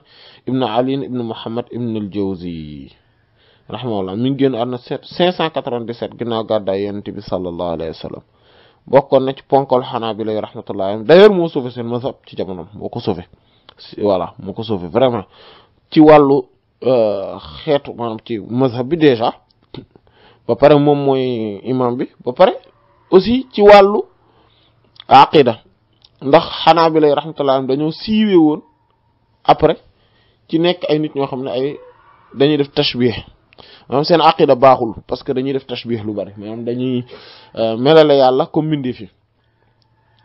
S2: ibnu ali ibnu muhammad ibnul jawzi rahimahullah mi ngi génn àdduna 597 ginnaaw gàddaay yonent bi sallallahu alayhi wa sallam bokkoon nañ ci ponkol xanaa bi lay rahmatullahi alayhi d'ailleurs moo sauvé seen mazhab ci jamono moo ko sauvé voilà moo ko sauvé vraiment ci wàllu euh, xeetu maanaam ci mazhab bi déjà ba pare moom mooy imam bi ba pare aussi ci wàllu aqida ndax xanaa bi lay rahmatullahi alayhi dañoo siiwee woon après ci nekk ay nit ñoo xam ne ay dañuy def tashbih maanaam seen aqida baaxul parce que dañuy def tashbih lu bari maanaam dañuy euh, melale yàlla comme mbindee fi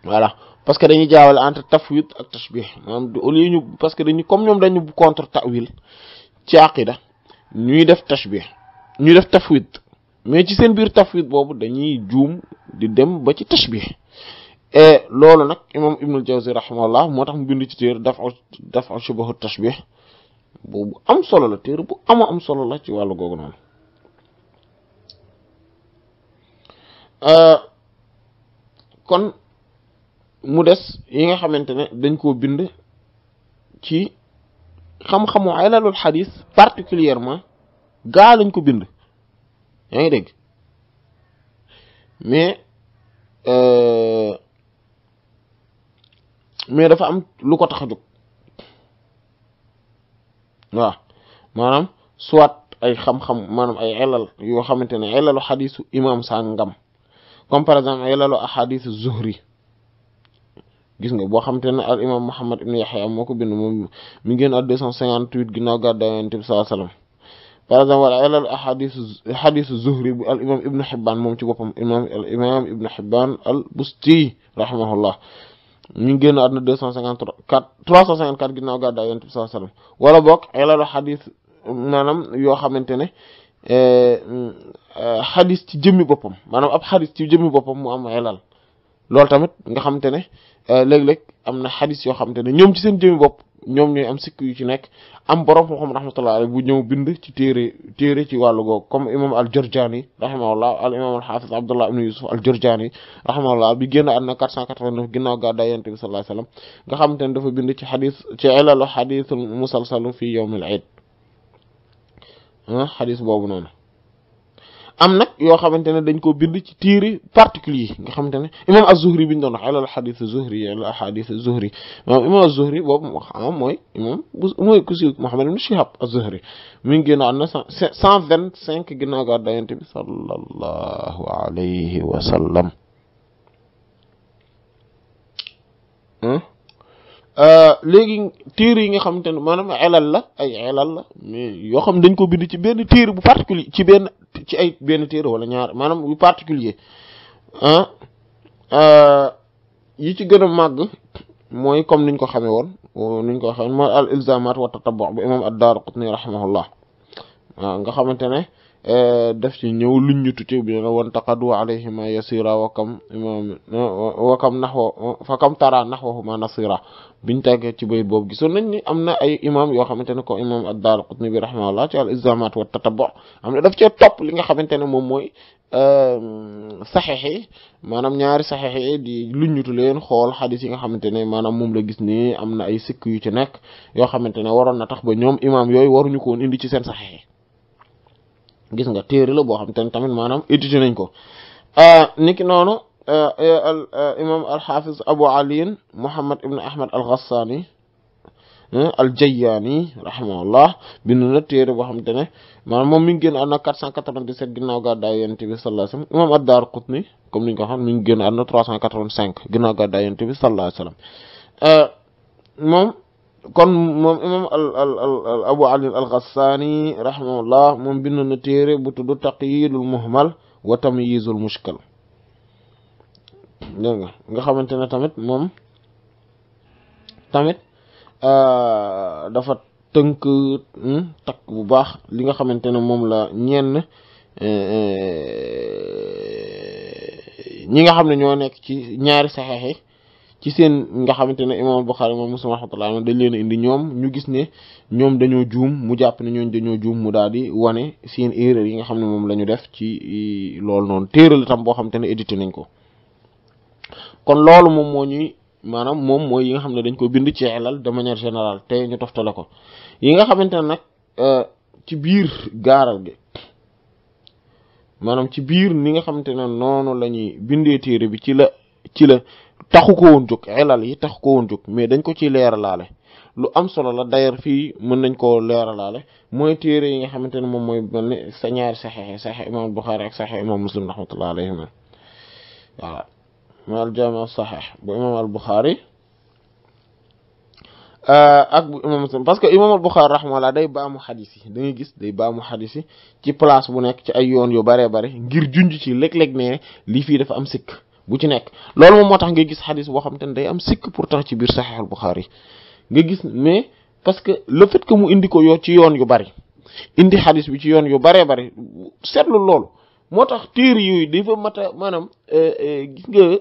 S2: voilà parce que dañuy jaawale entre tafwid ak tashbih maanaam au lieu ñu parce que dañuy comme ñoom dañu contre tawil ci aqida ñuy def tashbih ñuy def tafwid mais ci seen biir tafwid boobu dañuy juum di dem ba ci tashbih et loolu nag imam ibnul jawzi rahimahullah moo tax mu bind ci téer daf daf shubahu tashbih boobu am solo la téere bu ama am solo la ci wàllu googu noonu euh, kon mu des yi nga xamante ne dañ koo bind ci xam-xamu ilalul xadis particulièrement gaa lañ ko bind yaa ngi dégg mais euh, mais dafa am lu ko tax a jóg waaw maanaam soit ay xam-xam maanaam ay elal yoo xamante ne elalu xadisu imam sàngam comme par exemple elalu ahadisu zuhri gis nga boo xamante ne al imam muhammad ibn yahya moo ko bind moom mi ngeen at deux cent cinquante huit ginnaaw gàddaay yonent bi sallallahu alayhi wasallam par exemple wala elal ahadisu hadisu zuhri bu al imam ibnu hibban moom ci boppam imam al imam ibnu hibban al busti rahimahullah ñu génn àdduna deux cent cinquante quatre trois cent cinquante quatre ginnaaw gàddaay yonent bi sallallahu alayhi wasallam wala bokk ilalu xadis maanaam yoo xamante ne eh, mm, eh, xadis ci jëmmi boppam maanaam ab xadis ci jëmmi boppam mu am ilal loolu tamit nga xamante ne eh, léeg-léeg am na xadis yoo xamante ne ñoom ci seen jëmmi bopp ñoom ñooy am sikk yu ci nekk am borom xam-xam rahmatullah alayhi bu ñëw bind ci téere téere ci wàllu goog comme imam al-Jurjani rahimahullah al imam al-Hafiz Abdullah ibn Yusuf al-Jurjani rahimahullah bi génn àdduna 489 ginnaaw gàddaay Yonent bi sallallahu alayhi nga xamante ne dafa bind ci xadis ci ilalu xadisul musalsalu fi yawmil iid ah, xadis boobu noonu am nak yo xamantene dañ ko bind ci tire particulier nga xamantene imam az-Zuhri bi ñu ala wax alal az-Zuhri alal hadith az-Zuhri moom imam az-Zuhri boobu moo xam moy imam moy kusi Muhammad ibn Shihab az-Zuhri min gina an 125 gina cent vingt cinq ga dayante bi sallallahu alayhi wa sallam hmm Euh, léegi téere yi nga xamante ne maanaam elal la ay elal la yoo xam dañ ko bind ci benn téere bu particulier ci benn ci ay benn téere wala ñaar maanaam yu particulier ah euh, yi ci gën a màgg mooy comme niñ ko xamee woon niñ ko xamee mooy al ilzamat wa tatabu' bu imam ad-Daraqutni rahimahullah nga xamante ne Eh, def ci ñëw luñ ñu tuuti bi na won taqadu alayhima yasira wakam kam imaam wa kam naxwa fa kam tara naxwahuma nasira biñ ci bay boobu gisoon nañ ni am na ay imam yoo xamante ne ko imam ad-Daraqutni bi rahimahullah ci al-Ilzamat wa tatabbu am na daf cee topp li nga xamante ne moom mooy ehm, saxeex yi maanaam ñaari saxeex yi di luññutu leen xool xadis yi nga xamante ne maanaam moom la gis ni am na ay sikk yu ci nekk yoo xamante ne waroon na tax ba ñoom imam yooyu waruñu ko woon indi ci seen saxeex yi gis nga téere la boo xam te ne tamit maanaam édité nañ ko ah, niki noonu ah, eh, ah, imam alxafiz abu aliin muhammad ibn ahmad al ghassani eh, al jayyaani rahimahullah bind na téere boo xamante ne maanaam moom mi ngi génn àdduna 497 ginnaaw gàddaay yonent bi sallallahu alayhi wa sallam imaam ad-Daaraqutni comme ni ñu ko xam mi ngi génn àdduna 385 ginnaaw gàddaay yonent bi sallallahu alayhi moom kon moom imam al al al abu ali al ghassani rahimahullah moom bind na téere bu tudd taqyidul muhmal wa tamyizul mushkil dégg nga xamante ne tamit moom tamit euh, dafa tënk hmm, takk bu baax li nga xamante ne moom la ñeen euh, ñi nga xam ne ñoo nekk ci ñaari saxeex yi ci seen nga xamante ne imaam Buxaari moom Muslim rahmatullah dañ leen indi ñoom ñu gis ne ñoom dañoo juum mu jàpp ne ñooñ dañoo juum mu daal di wane seen erreur yi nga xam ne moom la def ci loolu noonu téere la tam boo xamante ne édité nañ ko kon loolu moom moo ñuy maanaam moom mooy yi nga xam ne dañ ko bind ci xelal de manière général te ñu toftale ko yi nga xamante ne nag euh, ci biir gaaral gi maanaam ci biir ni nga xamante ne noonu la ñuy bindee téere bi ci la ci la taxu ko woon jóg yi taxu ko woon mais dañ ko ciy leeralaale lu am solo la d'ailleurs fii mën nañ koo leeralaale mooy téere yi nga xamante ne moom mooy mel ni sa ñaari saxeexe saxe imam Buxaari ak saxe ma al jaami saxeex bu euh, ak bu imam Muslim parce que imam al Buxaari rahmatullah day baamu xadis yi da ngay gis day baamu xadis yi ci place bu nekk ci ay yoon yu baree bare ngir junj ci léeg-léeg ne lii fii dafa am sikk bu ci nekk loolu moo tax nga gis xadis boo xam te ne day am sikk pourtant ci biir saxiix al Buxaari nga gis mais parce que le fait mu indi ko yoo ci yoon yu bari indi xadis bi ci yoon yu baree bari seetlu loolu moo tax téere yooyu di mat a maanaam euh, euh, gis nga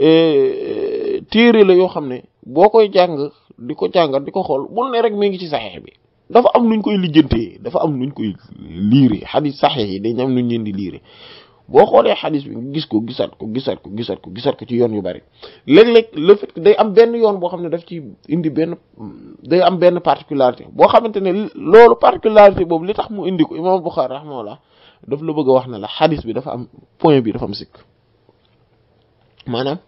S2: euh, téere la yoo xam ne boo koy jàng di ko jàngat di ko xool bul ne rek mi ngi ci saxiix bi dafa am nuñ koy lijjantee dafa am nuñ koy liire xadis saxiix yi dañ am nuñ leen di liire boo xoolee xadis bi gis ko gisaat ko gisaat ko gisaat ko gisaat ko ci yoon yu bari léeg-léeg le fait day am benn yoon boo xam ne daf ci indi benn day am benn particularité boo xamante ne loolu particularité boobu li tax mu indi ko imam Bukhari rahimahullah daf la bëgg a wax ne la xadis bi dafa am point bi dafa am sikk maanaam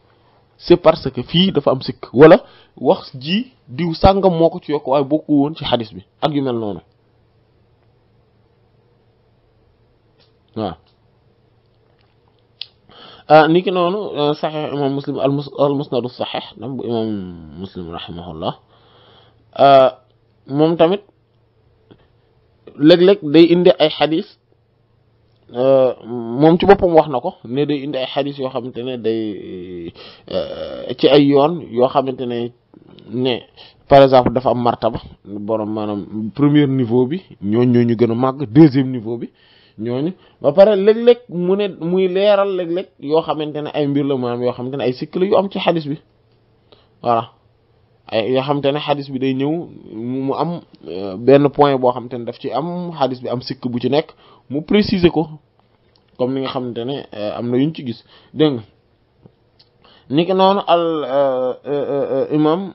S2: c'est parce que fii dafa am sikk wala wax ji diw sàngam moo ko ci yokk waaye bokku woon ci xadis bi ak yu mel noonu waaw Euh, ni ki noonu euh, saxeex imam muslim al musnadu saxeex dam bu imam muslim rahimahullah euh, moom tamit léeg-léeg day indi ay xadis moom ci boppam wax na ko ne day indi ay xadis yoo xamante ne day ci ay yoon yoo xamante ne ne par exemple dafa am martaba borom maanaam première niveau bi ñoo ñoo ñu gën a màgg deuxième niveau bi ñooñu ba pare léeg-léeg mu ne muy leeral léeg-léeg yoo xamante ne ay mbir la maanaam yoo xamante ne ay sikk la yu am ci xadis bi voilà ay yoo xamante ne xadis bi day ñëw mu am euh, benn point boo xamante ne daf ci am xadis bi am sikk bu ci nekk mu préciser ko comme ni nga xamante ne euh, am na yuñ ci gis dégg ni ki noonu al euh, imam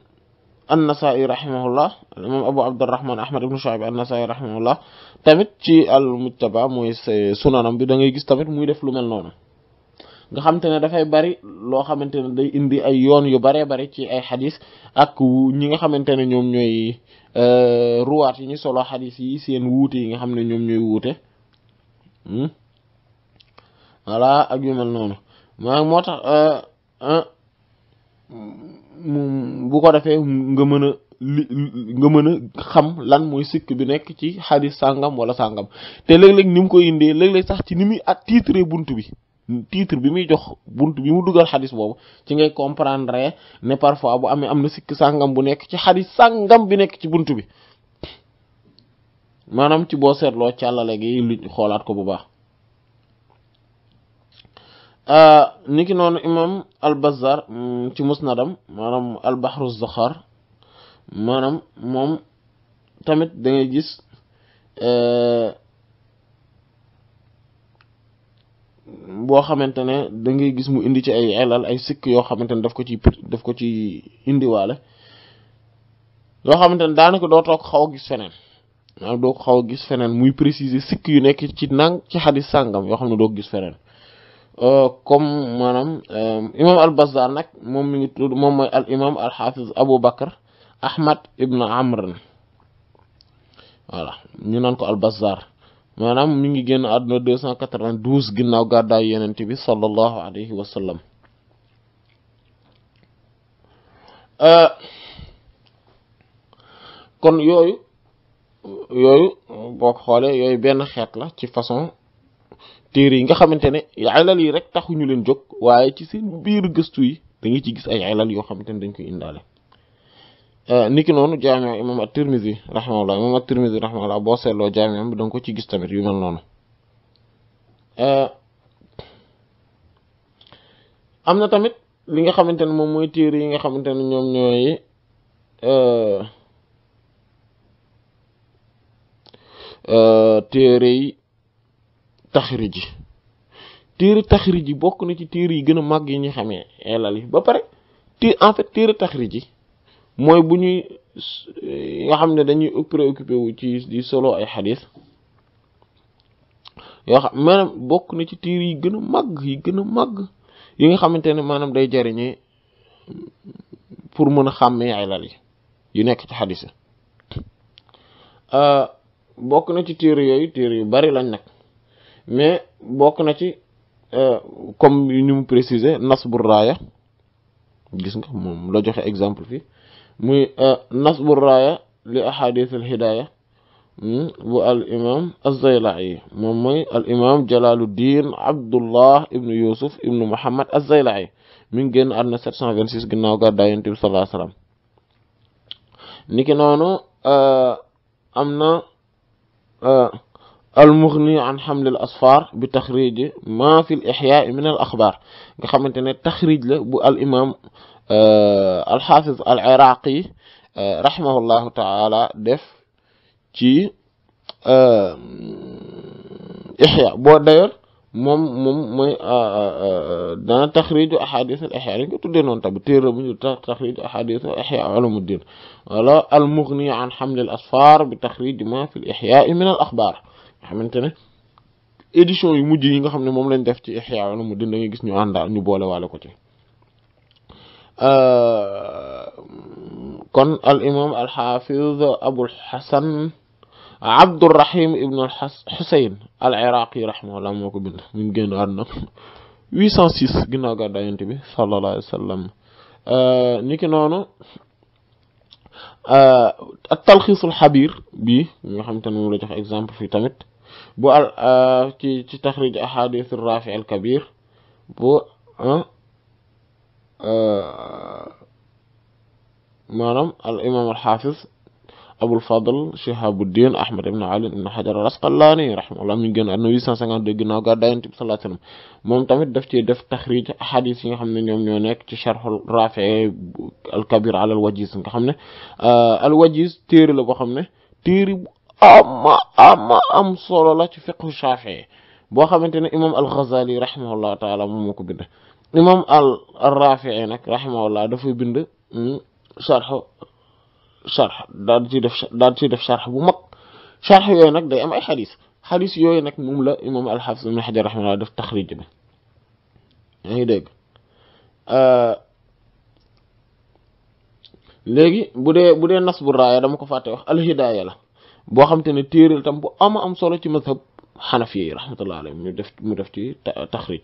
S2: an nasai rahimahullah imam Abu Abdurrahman Ahmad ibn Shu'aib an nasai rahimahullah tamit ci al-Mujtaba moy sunanam bi da ngay gis tamit muy def lu mel non nga xamantene da fay bari lo xamantene day indi ay yoon yu bare bare ci ay hadith ak ñi nga xamantene ñom ñoy euh ruwat yi ñi solo hadith yi seen wuute yi nga xamne ñom ñoy ñooy hmm voilà ak yu mel non ma motax euh bu ko defee nga mën a nga mën a xam lan mooy sikk bi nekk ci xadis sàngam wala sàngam te léeg-léeg ni mu koy indee léeg-léeg sax ci ni muy at titre bunt bi titre bi muy jox bunt bi mu dugal xadis boobu ci ngay comprendre ne parfois bu amee am na sikk sàngam bu nekk ci xadis sàngam bi nekk ci bunt bi maanaam ci boo seetloo càllale gi xoolaat ko bu baax Euh, ni ki noonu imam al-Bazzar mm, ci musnadam maanaam al-Bahru maanaam moom tamit dangay ngay gis euh, boo xamante ne da ngay gis mu indi ci ay elal ay sikk yoo xamante ne daf ko ci daf ko ci indiwaale yoo xamante ne daanaka doo toog xaw a gis feneen maanaam doo ko xaw a gis feneen muy préciser sikk yu nekk ci nang ci xadis sàngam yoo xam ne doo gis feneen Euh, comme maanaam euh, imam al bazzar nag moom mu ngi tudd moom mooy al imam al xaafiz abu bakar ahmad ibn amran voilà ñu naan ko al bazzar maanaam mu ngi génn àdduna deux cent quatre vingt ginnaaw gàddaay yenente bi sallallahu alayhi wa sallam euh, kon yooyu yooyu boo ko xoolee yooyu benn xeet la ci façon téere yi nga xamante ne ilal yi rek taxu ñu leen jog waaye ci seen biir gëstu yi da nga ci gis ay ilal yoo xamante ne dañ koy indaale euh, niki noonu jaami'a imam at-Tirmidhi rahimahullah imam at-Tirmidhi rahimahullah boo seetloo jaami'am bi da nga ko ci gis tamit yu mel noonu euh, am na tamit li nga xamante ne moom mooy téere yi nga xamante ne ñoom ñooy euh, téere yi takhriji téere takhriji bokku na ci téere yi gëna mag yi ñu xamé elal yi ba paré té en fait téere takhriji moy bu ñuy nga xamné dañuy préoccupé wu ci di solo ay hadith yo xam maanaam bokk na ci téere yi gëna mag yi gëna mag yi nga xamantene manam day jariñe pour mëna xamé xàmmee elal yi yu nekk ci euh ah, bokku na ci téere yoy téere yu bari lañ nak mais bokk na ci euh, comme ni mu préciser nasbu raaya gis nga la joxe exemple fii muy euh, nasbu raaya li ahadith al hidaya hmm, bu al imam az-Zayla'i moom mooy al imam Jalaluddin Abdullah ibnu Yusuf ibnu Muhammad az-Zayla'i mi ngi génn àdduna 726 ginnaaw gàddaay Yonent bi sallallahu alayhi wa sallam niki noonu euh, am na المغني عن حمل الاصفار بتخريج ما في الاحياء من الاخبار خامتني تخريج له بو الامام أه الحافظ العراقي أه رحمه الله تعالى دف تي أه احياء بو داير موم موم مي أه أه أه دا تخريج احاديث الاحياء تودي نون تاب تخريج احاديث الاحياء علوم الدين المغني عن حمل الاصفار بتخريج ما في الاحياء من الاخبار xamantene édition yu mujj yi nga xamne mom lañ def ci ihya wala mu dinañ gis ñu andal ñu boole walé ko ci euh kon al imam al hafiz abul hasan عبد الرحيم ابن الحسين العراقي رحمه الله مكو بن من ген ادنا 806 غنا غدا ينتبي صلى الله عليه وسلم ا نيكي نونو ا التلخيص الحبير بي ما خمت نو لا جخ اكزامبل في تامت bu al ci ci taxrij ahadith ar-rafi al-kabir bu maanaam al imam al-hafiz abul fadl shihabuddin ahmad ibn ali ibn hajar al-asqalani rahimahullah mi ngi génn àdduna 852 ginnaaw gàddaay yonent bi sallallahu alayhi wasallam moom tamit daf ci def taxrij ahadith yi nga xam ne ñoom ñoo nekk ci sharh ar-rafi al-kabir ala al-wajiz nga xam ne al-wajiz téere la boo xam ne téere اما اما ام صولو لا تي فقه الشافعي بو خامتيني امام الغزالي رحمه الله تعالى مومكو بيند امام الرافعي نك رحمه الله دا فاي بيند شرح دارتي دا دارتي داف شرح بو مك شرح يوي نك داي ام اي حديث حديث يوي نك موم لا امام الحافظ بن حجر رحمه الله داف تخريج بي ني ديغ ا آه، لغي بودي بودي نصب الرايه دا مكو فاتي واخ الهدايه bo xam téréel tam bu ama am solo ci mazhab xanafiya yi rahmatullah alayhi ñu def mu def ci takhrij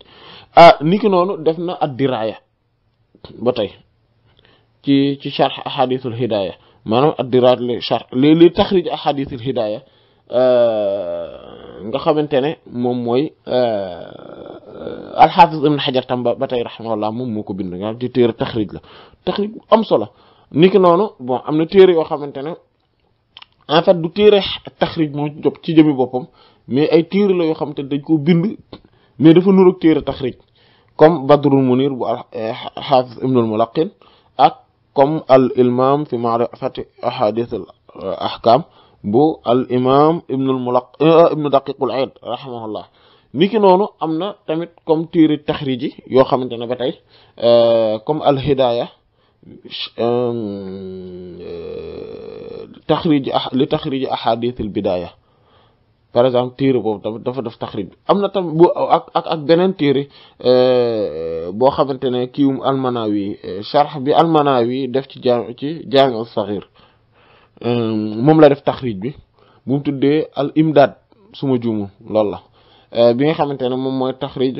S2: ah niki nonu def na ad diraya ba tay ci ci charh ahadithul hidayah manam ad dirat li sharh li li taxrij ahadithul hidayah nga xamantene mom moy al hafiz ibn hajar tam ba tay rahmatullah mom moko bind nga di téré takhrij la takhrij am solo niki nonu bon amna téré yo xamantene en fait du téere takhrij mo ci ci jëmi bopam mais ay téere la yo xam dañ ko bind mais dafa nur ak takhrij comme badrul munir bu xaafis ibnul mulaqin ak comme al imam fi maarifati ahadith al ahkam bu al imam ibn ibnul mulaqin daqiq al aid rahimahullah niki noonu am na tamit comme téere taxrij yo yoo xamante ne ba tey comme al hidayah taxrij li ahadith al bidaya par exemple téere boobu tamit dafa def taxrij bi am na tam bu ak ak ak beneen téere boo xamante ne kiiwum almanawi charx bi almanawi def ci jaa ci jaami saxir moom la def taxrij bi bu mu tuddee al imdaad suma juumu loolu la bi nga xamantene mom moy mooy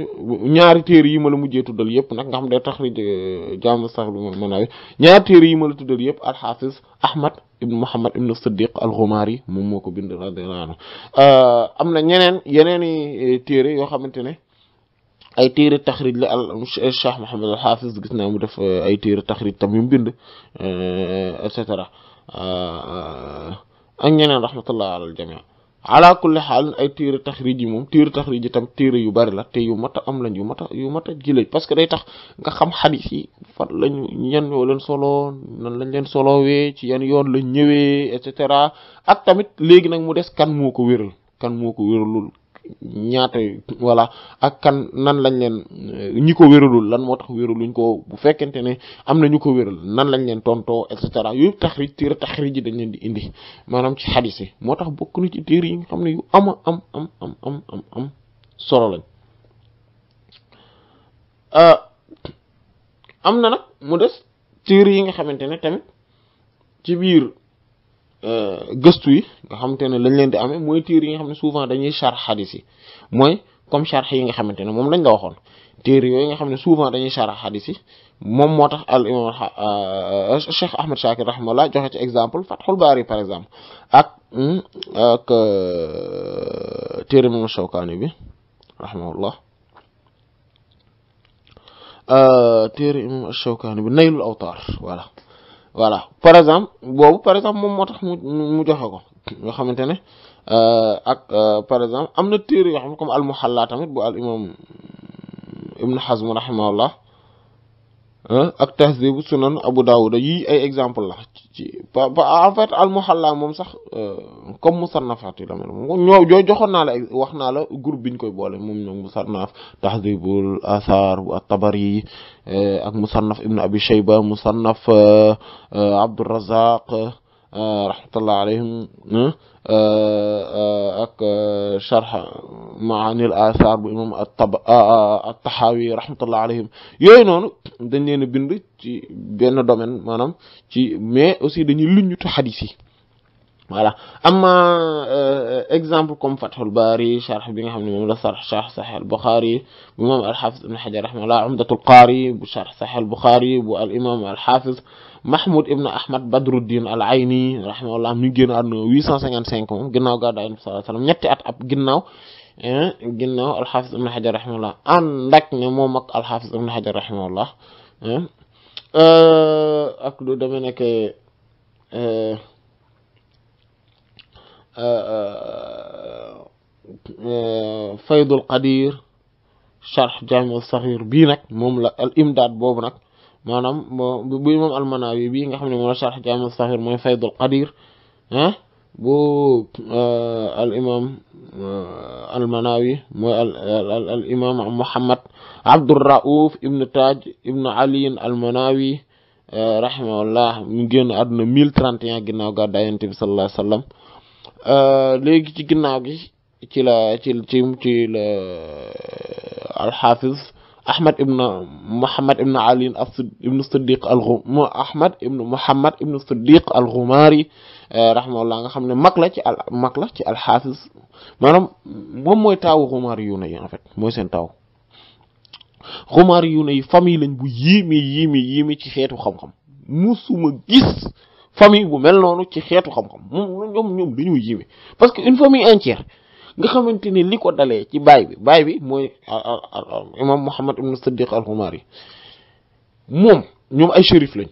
S2: ñaari téere yi ma la mujjé tuddal yëpp nak nga xam day jamm sax lu mëna Manawi ñaari téere yi ma la tuddal yëpp al-Hafiz Ahmad ibn Muhammad ibn Siddiq al-Ghumari mom moko bind radhiyallahu euh amna ñeneen yeneen i téere yoo xamante ay téré taxrij la al Cheikh Muhammad al-Hafiz gis na mu def ay téré taxrij tam yu bind euh et cetera euh ak ñeneen rahmatullah al jami' ala kulli xaal ay téere taxrij yi moom téere taxrij yi tam téere yu bari la te yu mat am lañ yu mat a yu mat a jëlee parce que day tax nga xam xadis yi fan lañu ñan ñoo leen solo nan lañ leen solowee ci yan yoon lañ ñëwee et cetera ak tamit léegi nag mu des kan moo ko wéral kan moo ko wéralul ñaata voilà ak kan nan lañ leen euh, ñi ko wéralul lan moo tax wéraluñ ko bu fekkente ne am na ñu ko wéral nan lañ leen tonto et cetera yooyu taxrij téere taxrij ji dañ leen di indi maanaam ci xadis yi moo tax bokk na ci téere yi nga xam ne yu am am am am am am solo lañ euh, am na nag mu des téere yi nga xamante ne tamit ci biir gëstu yi nga xamante ne lañ leen di amee mooy téere yi nga xam souvent dañuy charx xadis yi mooy comme charx yi nga xamante ne lañ la waxoon téere yooyu nga xam souvent dañuy charx xadis yi moom moo al imam Cheikh Ahmed Shakir rahimahullah joxe ci exemple Fathul Bari par exemple ak ak téere moom Shawkaani bi rahimahullah téere imam Shawkaani voilà voilà par exemple bobu par exemple mom motax mu joxe ko nga xamantene euh ak par exemple amna téré yo xam comme al muhalla tamit bu al imam ibn hazm rahimahullah ak tahzibu sunan abu daawuda yi ay exemple la ci en fait al muhalla moom sax euh, comme musannafat yi la mel moom ñoo joo joxoon naa la wax naa la groupe koy boole moom ñoom musannaf tahzibul asar bu at-tabari euh, ak musannaf ibn abi shayba musannaf euh, abdurrazzaq آه، رحمة الله عليهم آه، آه، شرح معاني الآثار بإمام الطب الطحاوي رحمة الله عليهم يينون دنيين بندي تي بين دومين مانام تي مي أوسي دني لنيو تحديثي فوالا اما اكزامبل كوم فتح الباري شرح بيغا خامني مومن لا شرح شرح صحيح البخاري مومن الحافظ ابن حجر رحمه الله عمدة القاري بشرح صحيح البخاري والامام الحافظ mahmoud ibn ahmad badruddin al ayni rahimahullah mi ngi génn àdduna 855 moom ginnaaw gàddaay Yonent bi sallallahu alayhi wasallam ñetti at ab ginnaaw ginnaaw alxaafis ibn hajar rahimahullah ànd ak ne moom ak alxaafis ibn hajar rahimahullah ak lu demee nekk faydul qadir sharh jaami as-saghir bii nag moom la al imdaad boobu nag manam bu mom al manawi bi nga xamne mo moo la sharh jaami sahir fayd al qadir hein bu al imam al manawi moy al al imam muhammad abdurrauf ibnu taj ibnu aliin almanawi rahimahullah mu génn àdduna mille trente et un ginnaaw gàddaay Yonent bi sallallahu alayhi wa sallam léegi ci ginnaaw gi ci la ci ci ci la alxaafis أحمد ابن محمد ابن علي ابن الصديق الغم أحمد ابن محمad ibn Siddiq al-Ghumari rahimahullah nga xam ne mag la ci al mag la ci al-Hafiz maanaam moom mooy taawu Ghumari yu ne yi en fait mooy seen taaw Ghumari yu ne yi famille lañ bu yéeme yéeme yéeme ci xeetu xam-xam musuma gis famille bu mel noonu ci xeetu xam-xam moom ñoom ñoom dañoo yéeme parce que une famille entière nga xamante ni li ko dalee ci baay bi baay bi mooy imam Muhammad ibn Siddiq al moom ñoom ay shérif lañ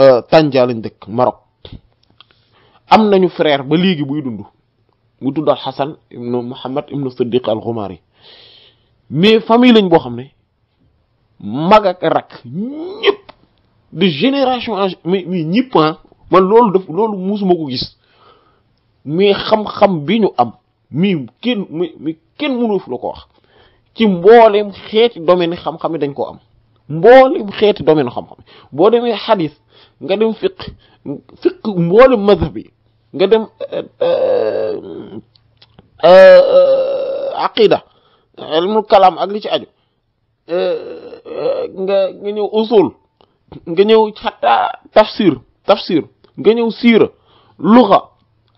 S2: euh, Tanja lañ dëkk Maroc am nañu frère ba léegi buy dund mu tudd al Hasan ibn Muhammad ibn Siddiq al mais famille lañ boo xam ne mag ak rak de génération en mais mais ñëpp ah, man loolu daf loolu musuma ko gis mais xam-xam bi ñu am mii kenn mi kenn mënuuf la ko wax ci mboolem xeeti domaine xam-xam dañ koo am mboolem xeeti domaine xam-xam boo demee xadis nga dem fiq fiq mboolem mazhab bi nga dem euh, euh, aqida ilmul kalaam ak li ci aju euh, nga nga ñëw usul nga ñëw xataa tafsir tafsir nga ñëw siira luxa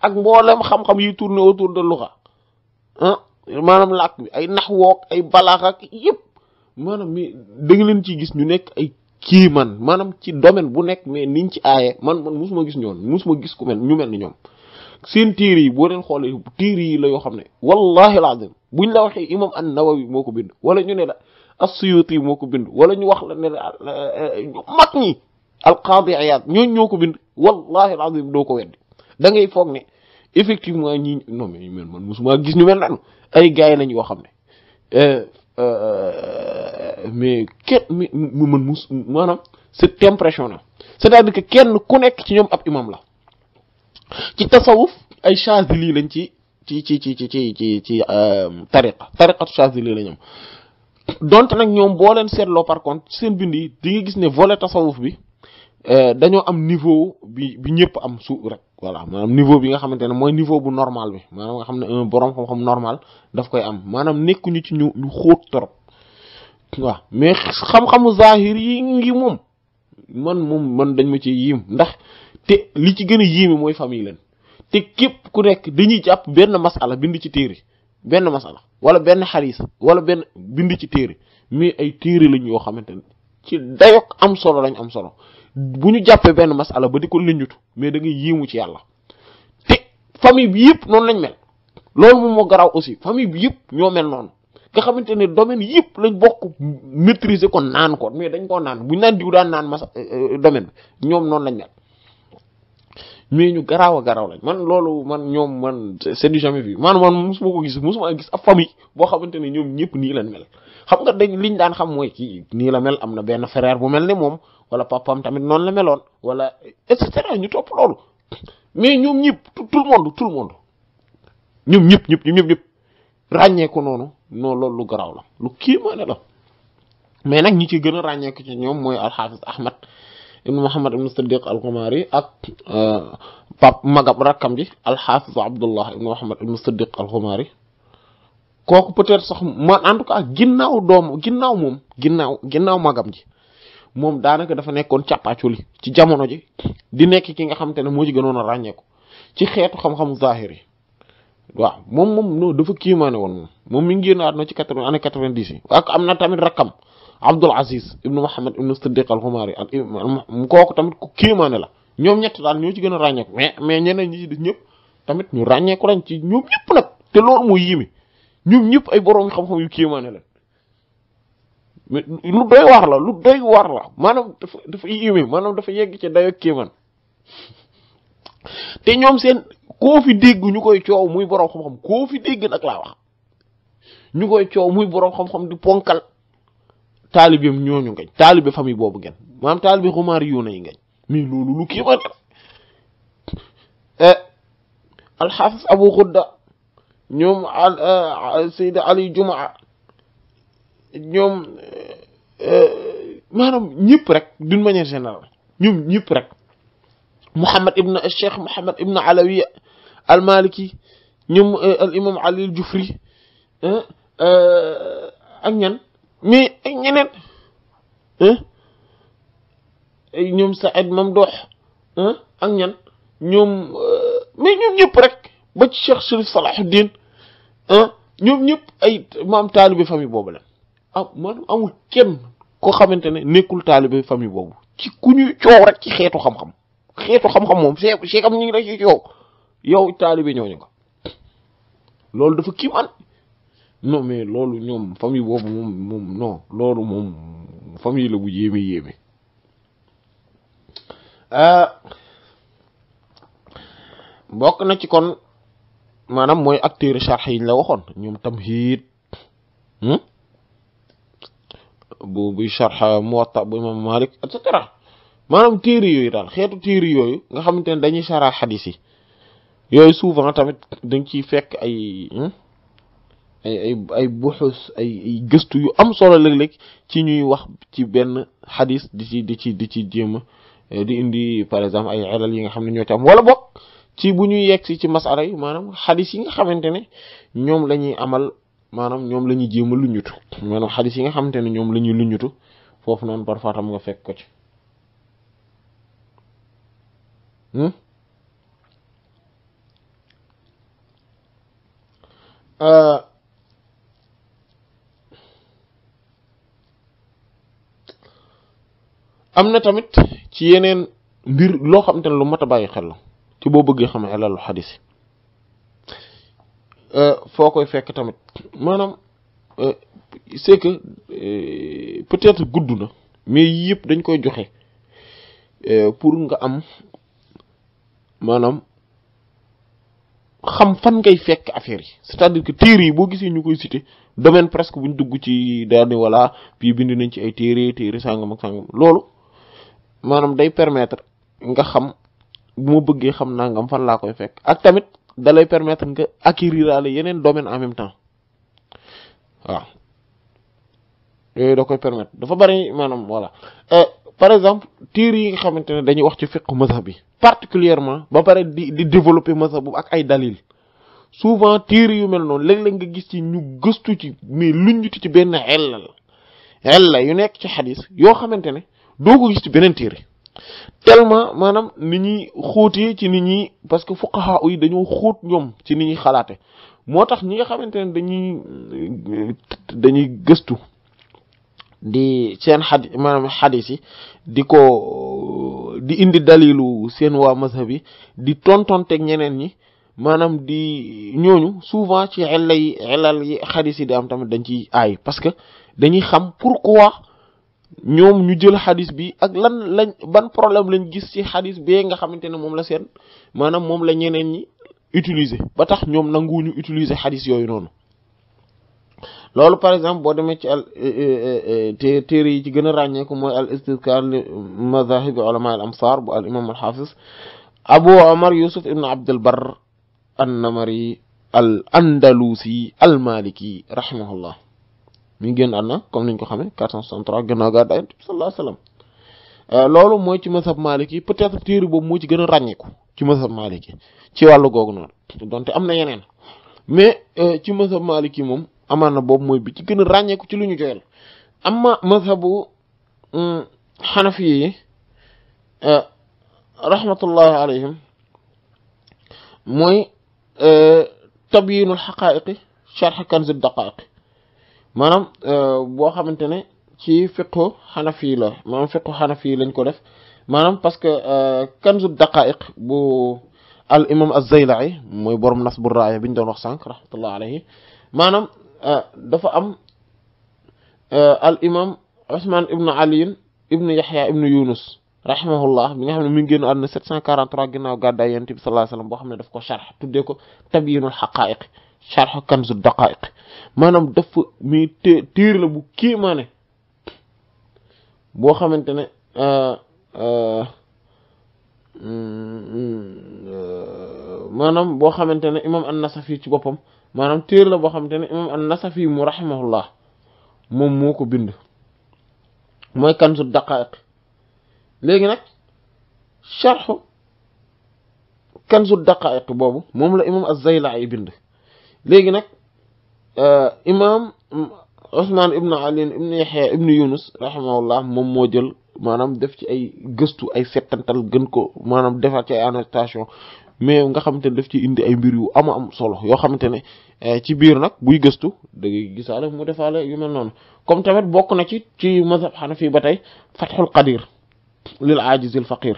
S2: ak mboolem xam-xam yi tourné autour de luxa ah maanaam làkk bi ay nax wook ay balaax ak yëpp maanaam mi da nga leen ciy gis ñu nekk ay kii man maanaam ci domaine bu nekk mais niñ ci aaye man man musuma gis ñoon musuma gis ku mel ñu mel ni ñoom seen téere yi boo leen xoolee téere yi la yoo xam ne wallahi alazim buñ la waxee imam an-Nawawi moo ko bind wala ñu ne la as-Suyuti moo ko bind wala ñu wax la ne la mag ñi al-Qadi Iyad ñooñ ko bind wallahi alazim doo ko weddi da foog ne effectivement ñi non mais ñu mel man mosuma gis ñu mel noonu ay gars yi lañ yoo xam ne euh, euh, mais kenn man mus maanaam c'est impressionnant c'est-à-dire que kenn ku nekk ci ñoom ab imam la ci tasawuf ay Chazili lañ ci ci ci ci ci ci ci ci euh, tariqa tariqatu Chazili la ñoom donte nag ñoom boo leen seetloo par contre seen bind yi di nga gis ne vole tasawuf bi Euh, dañoo am niveau bi bi ñëpp am su rek voilà maanaam niveau bi nga xamante ne mooy niveau bu normal bi maanaam nga xam ne un borom xam-xam normal daf koy am maanaam nekkuñu ci ñu ñu xóot trop waaw mais xam-xamu zahir yi ngi moom man moom man dañ ma ci yiim ndax te li ci gën a yéeme mooy famille leen te képp ku nekk dañuy jàpp benn masala bind ci téere benn masala wala benn xaris wala benn bind ci téere mais ay téere lañ yoo xamante ne ci dayok am solo lañ am solo bu ñu jàppee benn masala ba di ko lëññutu mais da ngay yéemu ci yàlla te famille bi yëpp noonu lañ mel loolu moom moo garaaw aussi famille bi yëpp ñoo mel noon nga xamante ne domaine yëpp lañ bokk maîtriser ko naan mais dañ koo naan bu ñu naan diw daan naan mas euh, euh, domaine bi noonu lañ mel ñu garaaw a garaaw lañ man loolu man ñoom man c'est du jamais vu man man mosuma ko gis mosuma gis ab boo xamante ne ñoom ñëpp nii lañ mel xam nga dañ liñ daan xam mooy kii nii la mel am na benn frère bu mel ne moom wala papaam tamit noonu la meloon wala et ñu topp loolu mais ñoom ñëpp tout le monde tout le monde ñoom ñëpp ñëpp ñëpp ñëpp noonu noonu loolu lu garaaw la lu kii ne la mais nag ñi ci gën a ràññee ci ñoom mooy alxaafis ahmad ibnu muhammad ibnu siddiq alxumaari ak euh, pap magab rakkam ji alxaafis abdullah ibnu muhammad ibnu siddiq alxumaari kooku peut-être sax man en tout cas ginnaaw doom ginnaaw moom ginnaaw ginnaaw magam ji moom daanaka dafa nekkoon càppaaculi ci jamono ji di nekk ki nga xamante ne moo ci gënoon a ràññeeku ci xeetu xam-xamu zahir waaw moom moom non dafa kiimaane woon moom moom mi ngi génn àdduna ci quatre-vingt année quatre-vingt-dix yi am na tamit rakkam Abdul Aziz ibnu Muhammad ibnu Siddiq al-Xumaari ak kooku tamit ku kiimaane la ñoom ñett daal ñoo ci gën a ràññeeku mais mais ñeneen ñi ci des ñëpp tamit ñu ràññeeku lañ ci ñoom ñëpp nag te loolu mooy yimi ñoom ñëpp ay boroom xam-xam yu kiimaane la mais lu doy waar la lu doy waar la maanaam dafa dafa yéeme dafa yegg ci dayo kéemaan te ñoom seen koo fi dégg ñu koy coow muy boroom xam-xam ñu koy muy boroom xam di ponkal taalibeem ñooñu ngañ taalibe famille boobu ngeen maanaam taalibe xumaar yu nañ ngañ mais loolu lu kéemaan la eh, alxaafis abu xudda ñoom eh, ali jumaa ñoom maanaam ñëpp rek d'une manière générale ñoom ñëpp rek Mouhamed ibn Cheikh Mouhamed ibn Alawi al Maliki ñoom al imam Ali al Jufri ak ñan mais ak ñeneen hein ñoom Saïd Mamdouh ak ñan ñoom mais ñoom ñëpp rek ba ci Cheikh Chérif Salahuddin ñoom ñëpp ay maam talibé fami bobu la man amul kenn ko xamante ne nekkul taalibe famille boobu ci ku ñuy coow rek ci xeetu xam-xam moom see see xam ñu ngi rek ci coow yow taalibe ñooñu nga loolu dafa kii man non mais loolu ñoom famille boobu loolu moom famille la bu yéeme yéeme euh, bokk na ci kon maanaam mooy acteur charx yiñ la waxoon ñoom Tamhiid hmm? bu buy charxa muwatta bu imam malik et cetera maanaam téere yooyu daal xeetu téere yooyu nga xamante ne dañuy chara xadis yi yooyu souvent tamit dañ ciy fekk ay hmm? ay ay buxus ay gëstu yu am solo léeg-léeg ci ñuy wax ci benn xadis di ci di ci di ci jéem eh, di indi par exemple ay xelal yi nga xam ne ñoo ci am wala ci bu ñuy yegg ci masala yi maanaam xadis yi nga xamante ne ñoom la amal manam ñom lañu ñuy jéem a luñutu maanaam xadis yi nga xamanteni ñom lañu la ñuy luñutu foofu noonu parfois nga fekk ko ci hmm? euh amna tamit ci yenen mbir lo xamanteni lu mata bayyi xel lo ci bo xam xelal hadith Euh, fokoy fekk tamit manam euh, c'est que euh, peut-être gudduna mais yépp dañ koy joxe pour nga am manam, xam fan ngay fekk affaire yi c'est-à-dire que téré bo gisé ñukoy cité domaine presque buñ dugg ci daal wala voilà puis bind nañ ci ay téré téré sangam ak sangam lolu manam day permettre nga xam bu ma bëggee xam nangam fan la koy fekk ak tamit da lay permettre nga acquérir ale yeneen domaine en même temps waaw yooyu da koy permettre dafa bari maanaam voilà euh, par exemple tiir yi nga xamante ne dañuy wax ci fiqh mazhab bi particulièrement ba pare di di développer mazhab bu ak ay dalil souvent tiir yu mel noonu léeg-léeg nga gis ci ñu gëstu ci mais luññuti ci benn xel la la yu nekk ci xadis yoo xamante ne doo ko gis ci beneen tiir telement maanaam ni ñuy xóotee ci nit ñi parce que fuqaha yi dañoo xóot ñoom ci ni ñuy xalaate moo tax ñi nga xamante ne dañuy dañuy gëstu di seen xadi maanaam xadis yi di ko di indi dalilu seen waa mazhab yi di tontonteeg ñeneen ñi maanaam di ñooñu souvent ci xelal yi xelal yi xadis yi di am tamit dañ ciy aay parce que dañuy xam pourquoi ñoom ñu jël xadis bi ak lan lañ ban problème lañ gis ci xadis bee nga xamante ne moom la seen maanaam moom la ñeneen ñi utiliser ba tax ñoom ñu utiliser xadis yooyu noonu loolu par exemple boo demee ci al eh, eh, eh, te téere yi ci gën a ràññeeku mooy al istidkar li madahib ulama al amsar bu al imam al xaafis abu omar yusuf ibn abdul bar annamari al andalusi al maliki rahimahullah mi ngi génn àdduna comme ñu ko xamee 463 gannaaw gàddaa yonent bi sallallahu alayhi wasallam euh, loolu mooy ci mazhab maliki peut-être téere boobu moo ci gën a ràññeeku ci mazhab maliki ci wàllu googu noonu donte am na yeneen mais euh, ci mazhab maliki moom amaan na boobu mooy bi ci gën a ràññeeku ci lu ñu joyal amma mazhabu xanafi mm, yi euh, rahmatullahi alayhim mooy tabyinul xaqaa'iqi sharh kanz ad-daqaa'iq manam bo xamantene ci fiqhu hanafi la manam fiqhu hanafi lañ ko def manam parce que kanzu daqaiq bu al imam az-Zaylai moy borom nasbu raaya biñ doon wax sank rahmatullah alayhi manam dafa am al imam usman ibn ali ibn yahya ibn Yunus rahimahullah bi nga xamne mi ngi adna 743 ginnaaw gadda yantibi sallallahu alayhi wasallam bo xamne daf ko sharh tuddé ko tabyinul haqa'iq شرح كنز الدقائق ما نم دف مي تير لبو كي ما نه بو خمن تنا آه، آه، آه، ما نم بو خمن تنا إمام النسفي تبوم ما نم تير لبو خمن تنا إمام النسفي مرحمة الله مم موكو بند ما كنز الدقائق لكن شرح كنز الدقائق بابو مم لا إمام الزيلعي بند léegi nag euh, imaam Ousmane ibn Ali ibn Yahya ibn Yunus rahimahullah moom moo jël maanaam def ci ay gëstu ay settantal gën ko maanaam defaat ci ay annotation mais nga xamante ne daf ci indi ay mbir yu ama am solo yoo xamante ne euh, ci biir nag buy gëstu da ngay gisaale mu defaale yu mel noonu comme tamit bokk na ci ci mazhab Hanafi ba tey Fathul Qadir lil ajizil faqir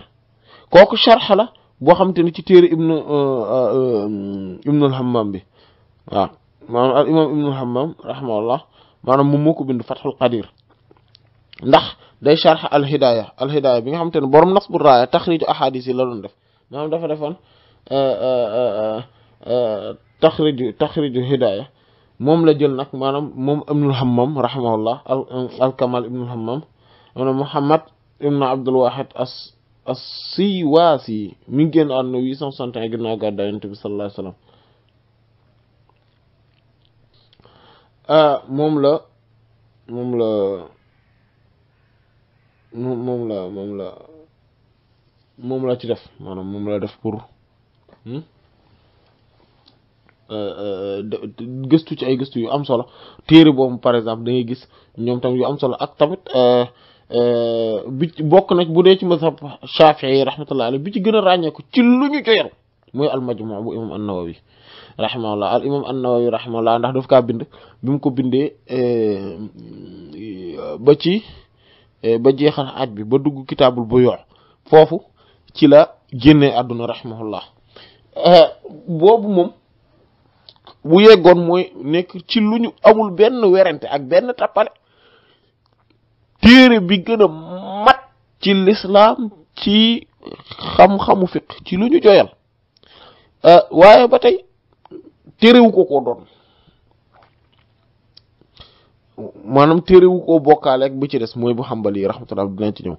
S2: kooku sharx boo xamante ne ci téere ibnu euh, ibnul Hammam bi waaw maanaam al imam ibnu hammam rahimahullah maanaam moom moo ko bind fathul qadir ndax day sharh al hidaya al hidaya bi nga xamante ne borom nasbu raaya taxriju ahadis yi la doon def maanaam dafa defoon taxriju taxriju hidaya moom la jël nag maanaam moom ibnul hammam rahimahullah al al kamal ibnul hammam maanaam muhammad ibnu abdul wahid as as siwaasi mi ngi génn àdduna 861 ginnaaw gàddaay yonent bi sallallahu alayhi wa Ah, moom la moom la moom la moom la moom la ci def maanaam moom la def pour hmm? ah, ah, gëstu ci ay gëstu yu am solo téere boom par exemple dangay gis ñoom tamit yu am solo ak tamit bi bokk nag bu dee ci ma mazhab Shaafi'i rahmatullahi alayhi bi ci gën a ràññeeku ci lu ñu joyal mooy al-Majmu' bu imam an-Nawawi rahimahullah al imam an-Nawawi rahimahullah ndax daf ka bind bi mu ko bindee eh, ba ci eh, ba jeexal aj bi ba dugg kitaabul buyuu foofu ci la génne àdduna rahimahullah eh, boobu moom bu yeggoon mooy nekk ci lu ñu amul benn werante ak benn tappale téere bi gën a mat ci lislaam ci xam-xamu fiq ci lu ñu joyal waaye ba tey téerewu ko koo doon maanaam téerewu koo bokkaale ak bi ci des mooy bu xambali rahmatullah dinañ ci ñëw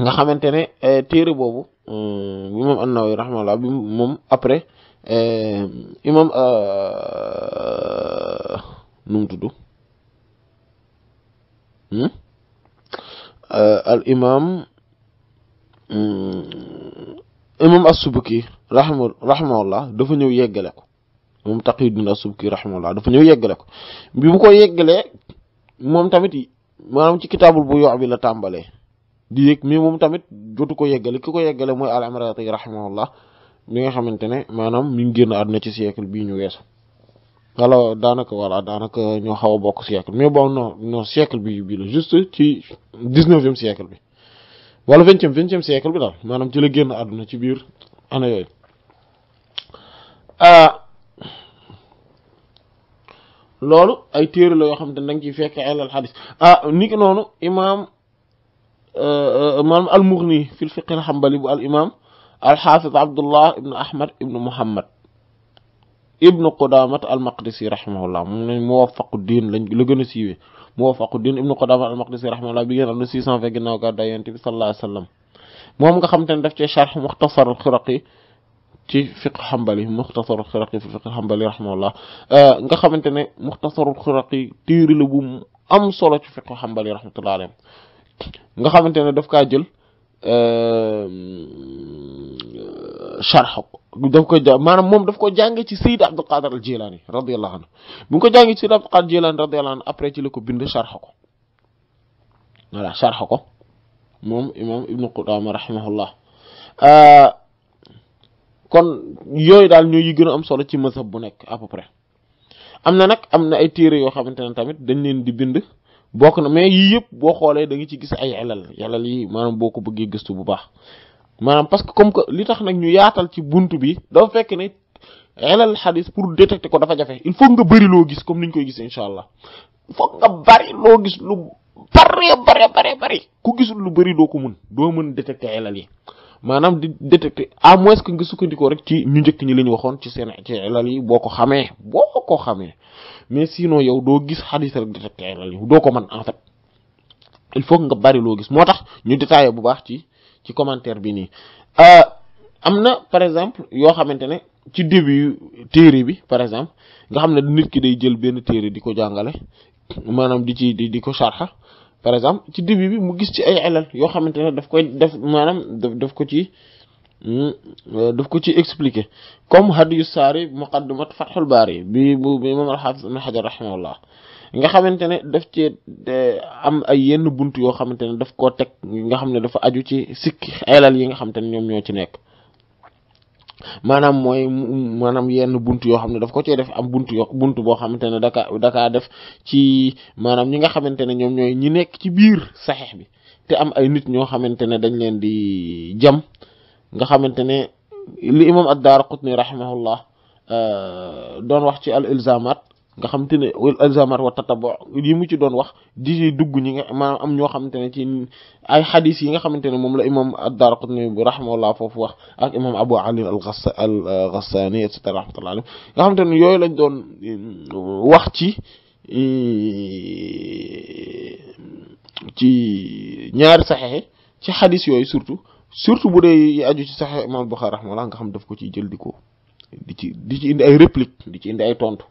S2: nga xamante ne eh, téere boobu mm, imam an-Nawawi rahmatullah moom après eh, imam euh, nu tudd hmm? euh, al imam mm, imam as-Subki rahma dafa ñëw yeggale ko moom Taqiyuddin as-Subki rahimahullah dafa ñëw yeggale ko bi bu ko yeggalee moom tamit maanaam ci kitaabul bu yoo bi la tàmbalee di yëg mais moom tamit jotu ko yeggale ki ko yeggale mooy al-Imrati rahimahullah mi nga xamante ne maanaam mi ngi génn àdduna ci siècle bii ñu weesu wala daanaka voilà daanaka ñoo xaw a bokk siècle mais bon non non siècle bi bii la ci dix-neuvième bi wala vingtième vingtième bi daal maanaam ci la génn àdduna ci biir année yooyu ah, loolu ay téré la yo xamne dañ ci fekk nga al hadith ilal xadis ah niki imam euh maanaam al-Mughni fil fiqh al-hanbali bu al imam al-Hafiz Abdullah ibn Ahmad ibn Muhammad ibn qudamah al-Maqdisi rahimahullah mo lañ Muwafaquddin lañ la gën a siiwee Muwafaquddin ibn qudamah al-Maqdisi rahimahullah bi ngeen 620 ginnaw gàddaay Yonent bi sallallahu alayhi wasallam mom nga xamne daf ci sharh Mukhtasar al khuraqi ci fiq xambali muxtasarul xiraqi fi fiq xambali rahimahullah euh, nga xamante ne muxtasarul xiraqi téere la bu am solo ci fiq xambali rahmatullahi alayhi nga xamante ne daf kaa jël euh, sharx daf ko ja maanaam moom daf ko jànge ci Sayyid Abdul Qadir al Jilani radiyallahu anhu bu ko jàngee ci Sayyid Abdul Qadir Jilani radiyallahu anhu après ci la ko bind sharx ko voilà moom imam Ibnu Qudama rahimahullah euh, kon yoy dal ñoy yi gëna am solo ci mazhab bu nek à peu près am nak amna am na ay téré yo xamantene tamit dañ leen di bind bokk na mais yi yëpp bo xolé da nga ci gis ay elal yelal yi manam boko ko gëstu bu baax manam parce que comme que li tax nak ñu yaatal ci buntu bi do fekk ne elal hadith pour détecter ko dafa jafe il faut nga bari lo gis comme niñ koy gis inshallah allah nga bari logis, gis lu bari bari bari bari ku gisul lu bari do ko mun do mën détecter elal maanaam di détecter à moins que nga sukkandikoo rek ci ñu njëkk ñi li ñu waxoon ci seen ci ilal yi boo ko xamee boo ko xamee mais sinon yow doo gis xadis rek détecter ilal yi doo ko mën en fait il faut nga bari loo gis moo tax ñu détaillé bu baax ci ci commentaire bi nii euh, am na par exemple yoo xamante ne ci début téere bi par exemple nga xam ne nit ki day jël benn téere di ko jàngale maanaam di ci di di ko sharxa par exemple ci début bi mu gis ci ay alal yoo xamante ne daf koy def maanaam daf ko ci hmm, euh, daf ko ci expliquer comme hadiyu saari muqaddimat fathul baari bi bu bi imam al-hafiz ibn hajar rahimahullah nga xamante ne daf ci am ay yenn bunt yoo xamante ne daf koo teg nga xam ne dafa aju ci sikki alal yi nga xamante ne ñoom ñoo ci nekk maanaam mooy maanaam yenn buntu yoo xam ne daf ko cee def am buntu yo buntu boo xamante ne daka daka def ci maanaam ñi nga xamante ne ñoom ñooy ñi nekk ci biir saxeex bi te am ay nit ñoo xamante ne dañ leen di jam nga xamante ne li imam ad-Daaraqutni rahimahullah euh, doon wax ci al ilzamat nga xam te ne alzamar wa tatabo mu ci doon wax di dugg ñi nga maanaam am ñoo xamante ne ci ay xadis yi nga xamante ne moom la imam ad-Daraqutni bu foofu wax ak imam Abu Ali al-Ghassani et cetera rahmatullah alayhi ne yooyu lañ doon euh, wax ci euh, ci ñaari saxexe ci xadis yooyu surtout surtout bu dee yi aju ci saxex imam Bukhari rahimahullah nga xam daf ko ciy jël di ko di ci di ci indi ay réplique di ci indi ay tontu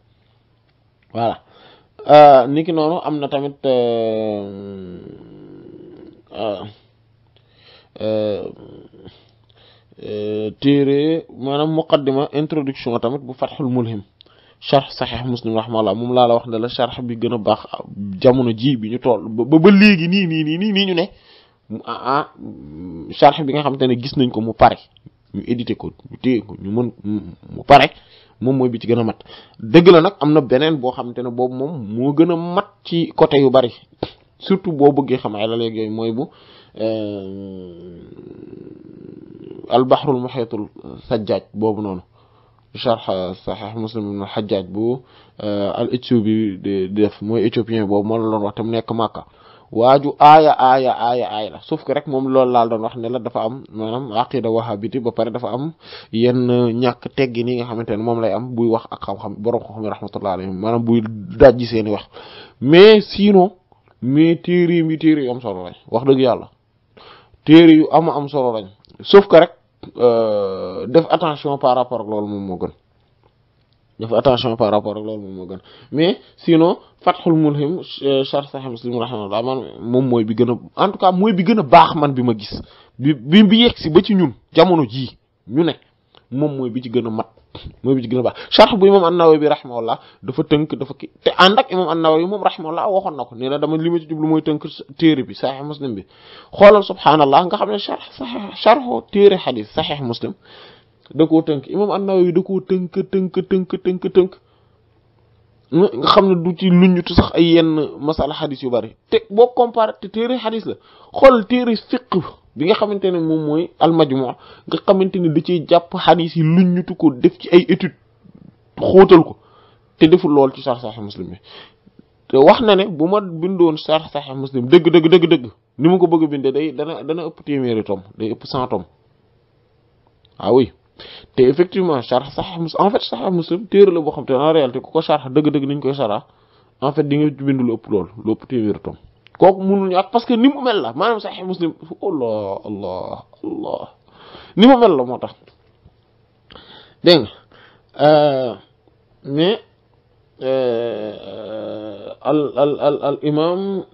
S2: voilà euh, niki noonu am na tamit euh, euh, téere maanaam muqaddima introduction tamit bu fatxul mulhim charx saxeex muslim rahmalah moom laa la wax ne la bi gën a baax jamono ji bi ñu tool ba ba léegi nii nii nii nii nii ñu ne ah, ah bi nga xam te ne gis nañ ko mu pare ñu édité ko ñu téye ko ñu mën mu pare moom mooy bi ci gën a mat dëgg la nag am na beneen boo xamante ne boobu moom moo gën a mat ci côté yu bari surtout boo bëggee xam ay la léegi yooyu mooy bu euh, albaxrul muxiitul sajjaaj boobu noonu charx saxiix muslim ibn xajjaaj bu al éthiopie bi di def mooy éthiopien boobu moo la doon wax te mu nekk màkka waaju aaya aaya aaya aaya la sauf que rek moom loolu laal doon wax ne la dafa am maanaam aqida wahabiti ba pare dafa am yenn ñàkk teggi ni nga xamante ne moom lay am buy wax ak xam-xam borom xam-xam rahmatullah alayhi maanaam buy dajji seeni wax mais sinon mais téere yi téere yu am solo lañ wax dëgg yàlla téere yu ama am solo lañ sauf que rek euh, def attention par rapport ak loolu moom moo gën dafa attention par rapport ak loolu moom moo gën mais sinon fatxul mulhim char euh, saxi muslim rahimahullah man moom mooy bi gën a en tout cas mooy bi gën a baax man bi ma gis bi bi bi si ba ci ñun jamono jii ñu ne moom mooy bi ci gën a mat mooy bi ci gën a baax charx bu imam an-Nawawi bi rahimahullah dafa tënk dafa ki te ànd ak imam an-Nawawi moom rahimahullah waxoon na ko nii na dama li ma ci jublu mooy tënk téere bi saxih muslim bi xoolal subhaanallah nga xam ne charx saxih charxu téere xadis saxih muslim da koo tënk imam an-Nawawi da koo tënk tënk tënk tënk tënk nga xam ne du ci luññutu sax ay yenn masala xadis yu bari te boo comparé te téere xadis la xool téere fiq bi nga xamante ne moom mooy al nga xamante ni da ciy jàpp xadis yi luññutu ko def ci ay étude xóotal ko te deful lool ci Sahih Sahih Muslim bi te wax na ne bu ma bindoon Sahih Sahih Muslim dëgg dëgg dëgg dëgg ni mu ko bëgg a binde day dana dana ëpp téeméeri tom day ëpp cent tom ah te effectivement sarx sax mus en fait muslim téere la boo xam te en réalité ku ko sarx dëgg-dëgg niñ koy sara en fait di nga bind lu ëpp loolu lu ëpp téeméeri tom kooku mënul ñu ak parce que ni mu mel la maanaam sax muslim allah allah allah ni la moo tax dégg euh, euh, al al al al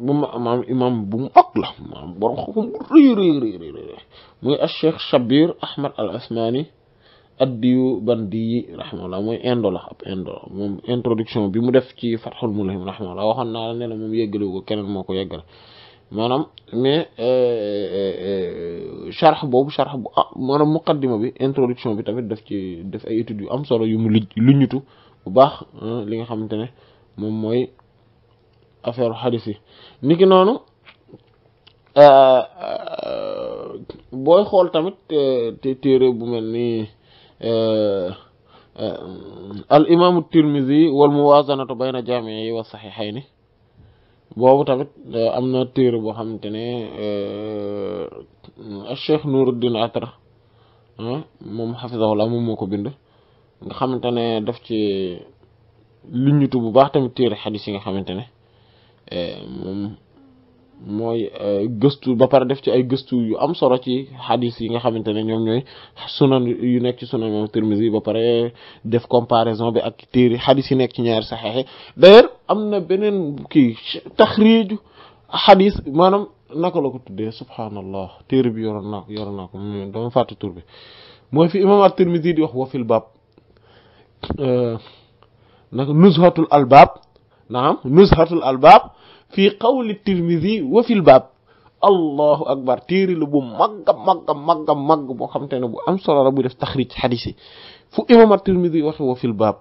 S2: maam imam bu mu mag la maam borom xam-xam bu rëy rëy rëy rëy muy al cheikh Shabir Ahmad al Asmani ad-Diyubandi rahimahullah mooy indo la ab indo moom introduction bi mu def ci Fathul Mulhim rahimahullah waxoon naa la ne la moom yeggalewu ko keneen moo ko yeggale maanaam mais charx boobu charx bu ah maanaam muqaddima bi introduction bi tamit daf ci def ay études yu am solo yu mu li luñutu bu baax li nga xamante ne moom mooy affaire xadis yi nonu euh boy xol tamit te téere bu melni euh al imam at-tirmidhi wal muwazanatu bayna jami'i wa sahihayni bobu tamit amna téré bo xamantene euh ne sheikh nuruddin atra mom hafizahu la mom moko bind nga xamantene daf ci liñutu bu baax tamit téré hadith yi nga xamantene euh moom mooy euh, gëstu ba pare def ci ay gëstu yu am solo ci xadis yi nga xamante ne ñoom ñooy sunan yu nekk ci sunan moom Tirmizi ba pare def comparaison bi ak téere xadis yi nekk ci ñaar saxeex d'ailleurs am na beneen kii taxriiju xadis maanaam naka la ko tuddee subhaanallah téere bi yoroon naa yoroon naa ko dama fàtte tur bi mooy fi imam at-Tirmizi di wax wa fil baab euh, naka nuzhatul albaab في قول الترمذي وفي الباب الله اكبر تيري لو مغا مغا مغا مغا بو خامتيني بو ام صلو ربي تخريج حديثي فو امام الترمذي واخ وفي الباب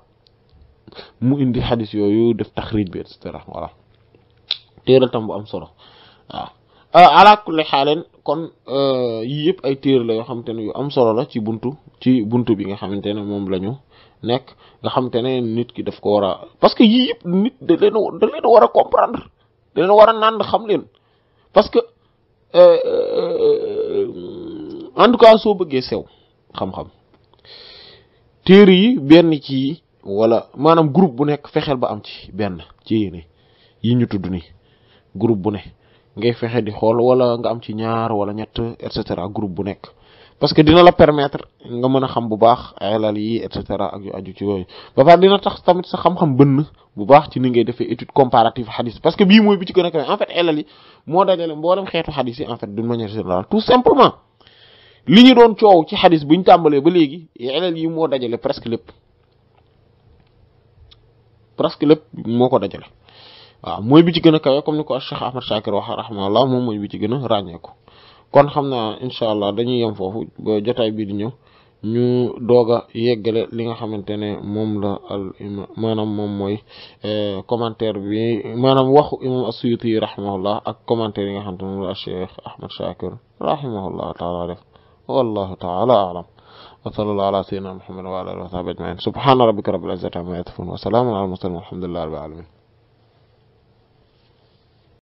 S2: مو اندي حديث يوي ديف تخريج بي استرا ورا تيرل تام بو ام صلو آه. اه على كل حال كون آه، ييب اي تير لا خامتيني يو ام صلو لا تي بونتو تي بونتو بيغا خامتيني موم لانيو nek nga xamantene nit ki daf ko wara parce que yi nit da leen da leen wara comprendre da leen war a nànd xam leen parce que euh, euh, euh, en tout cas soo bëggee sew xam-xam téere yi benn ci wala maanaam groupe bu nekk fexeel ba am ci benn ci yéene yi ñu tudd ni groupe bu ne ngay fexe di xool wala nga am ci ñaar wala ñett et cetera groupe bu nekk parce que dina la permettre nga mëna xam bu baax alal yi et cetera ak yu aju ci yooyu ba pare dina tax tamit sa xam-xam bënn bu baax ci ni ngay defee étude comparative hadith parce que bii mooy bi ci gën a en fait alal yi moo dajale mboolem xeetu hadith yi en fait d'une manière générale tout simplement li ñu doon coow ci hadith buñ tàmbalee ba léegi alal yi moo dajale presque lépp presque lépp moo ko dajale waaw mooy bi ci gën a kawe comme ni ko Cheikh Ahmad Shakir wax rahmaullah moom mooy bi ci gën a ràññeeku kon xamna inshallah dañuy yem fofu ba jotaay bii di ñëw ñu doga yeggale li nga xamantene mom la al manam mom moy commentaire bi manam waxu imam asuyuti yi rahimahullah ak commentaire nga xamantene ne moom la cheikh ahmad shakir rahimahullah taala def wallahu taala alam wa sallallahu ala sayyidina muhammad wa ala alihi wa sahbihi ajmain subhana rabbika rabbil
S1: izzati amma yasifun wa salamun ala al mursalin walhamdulillahi rabbil alamin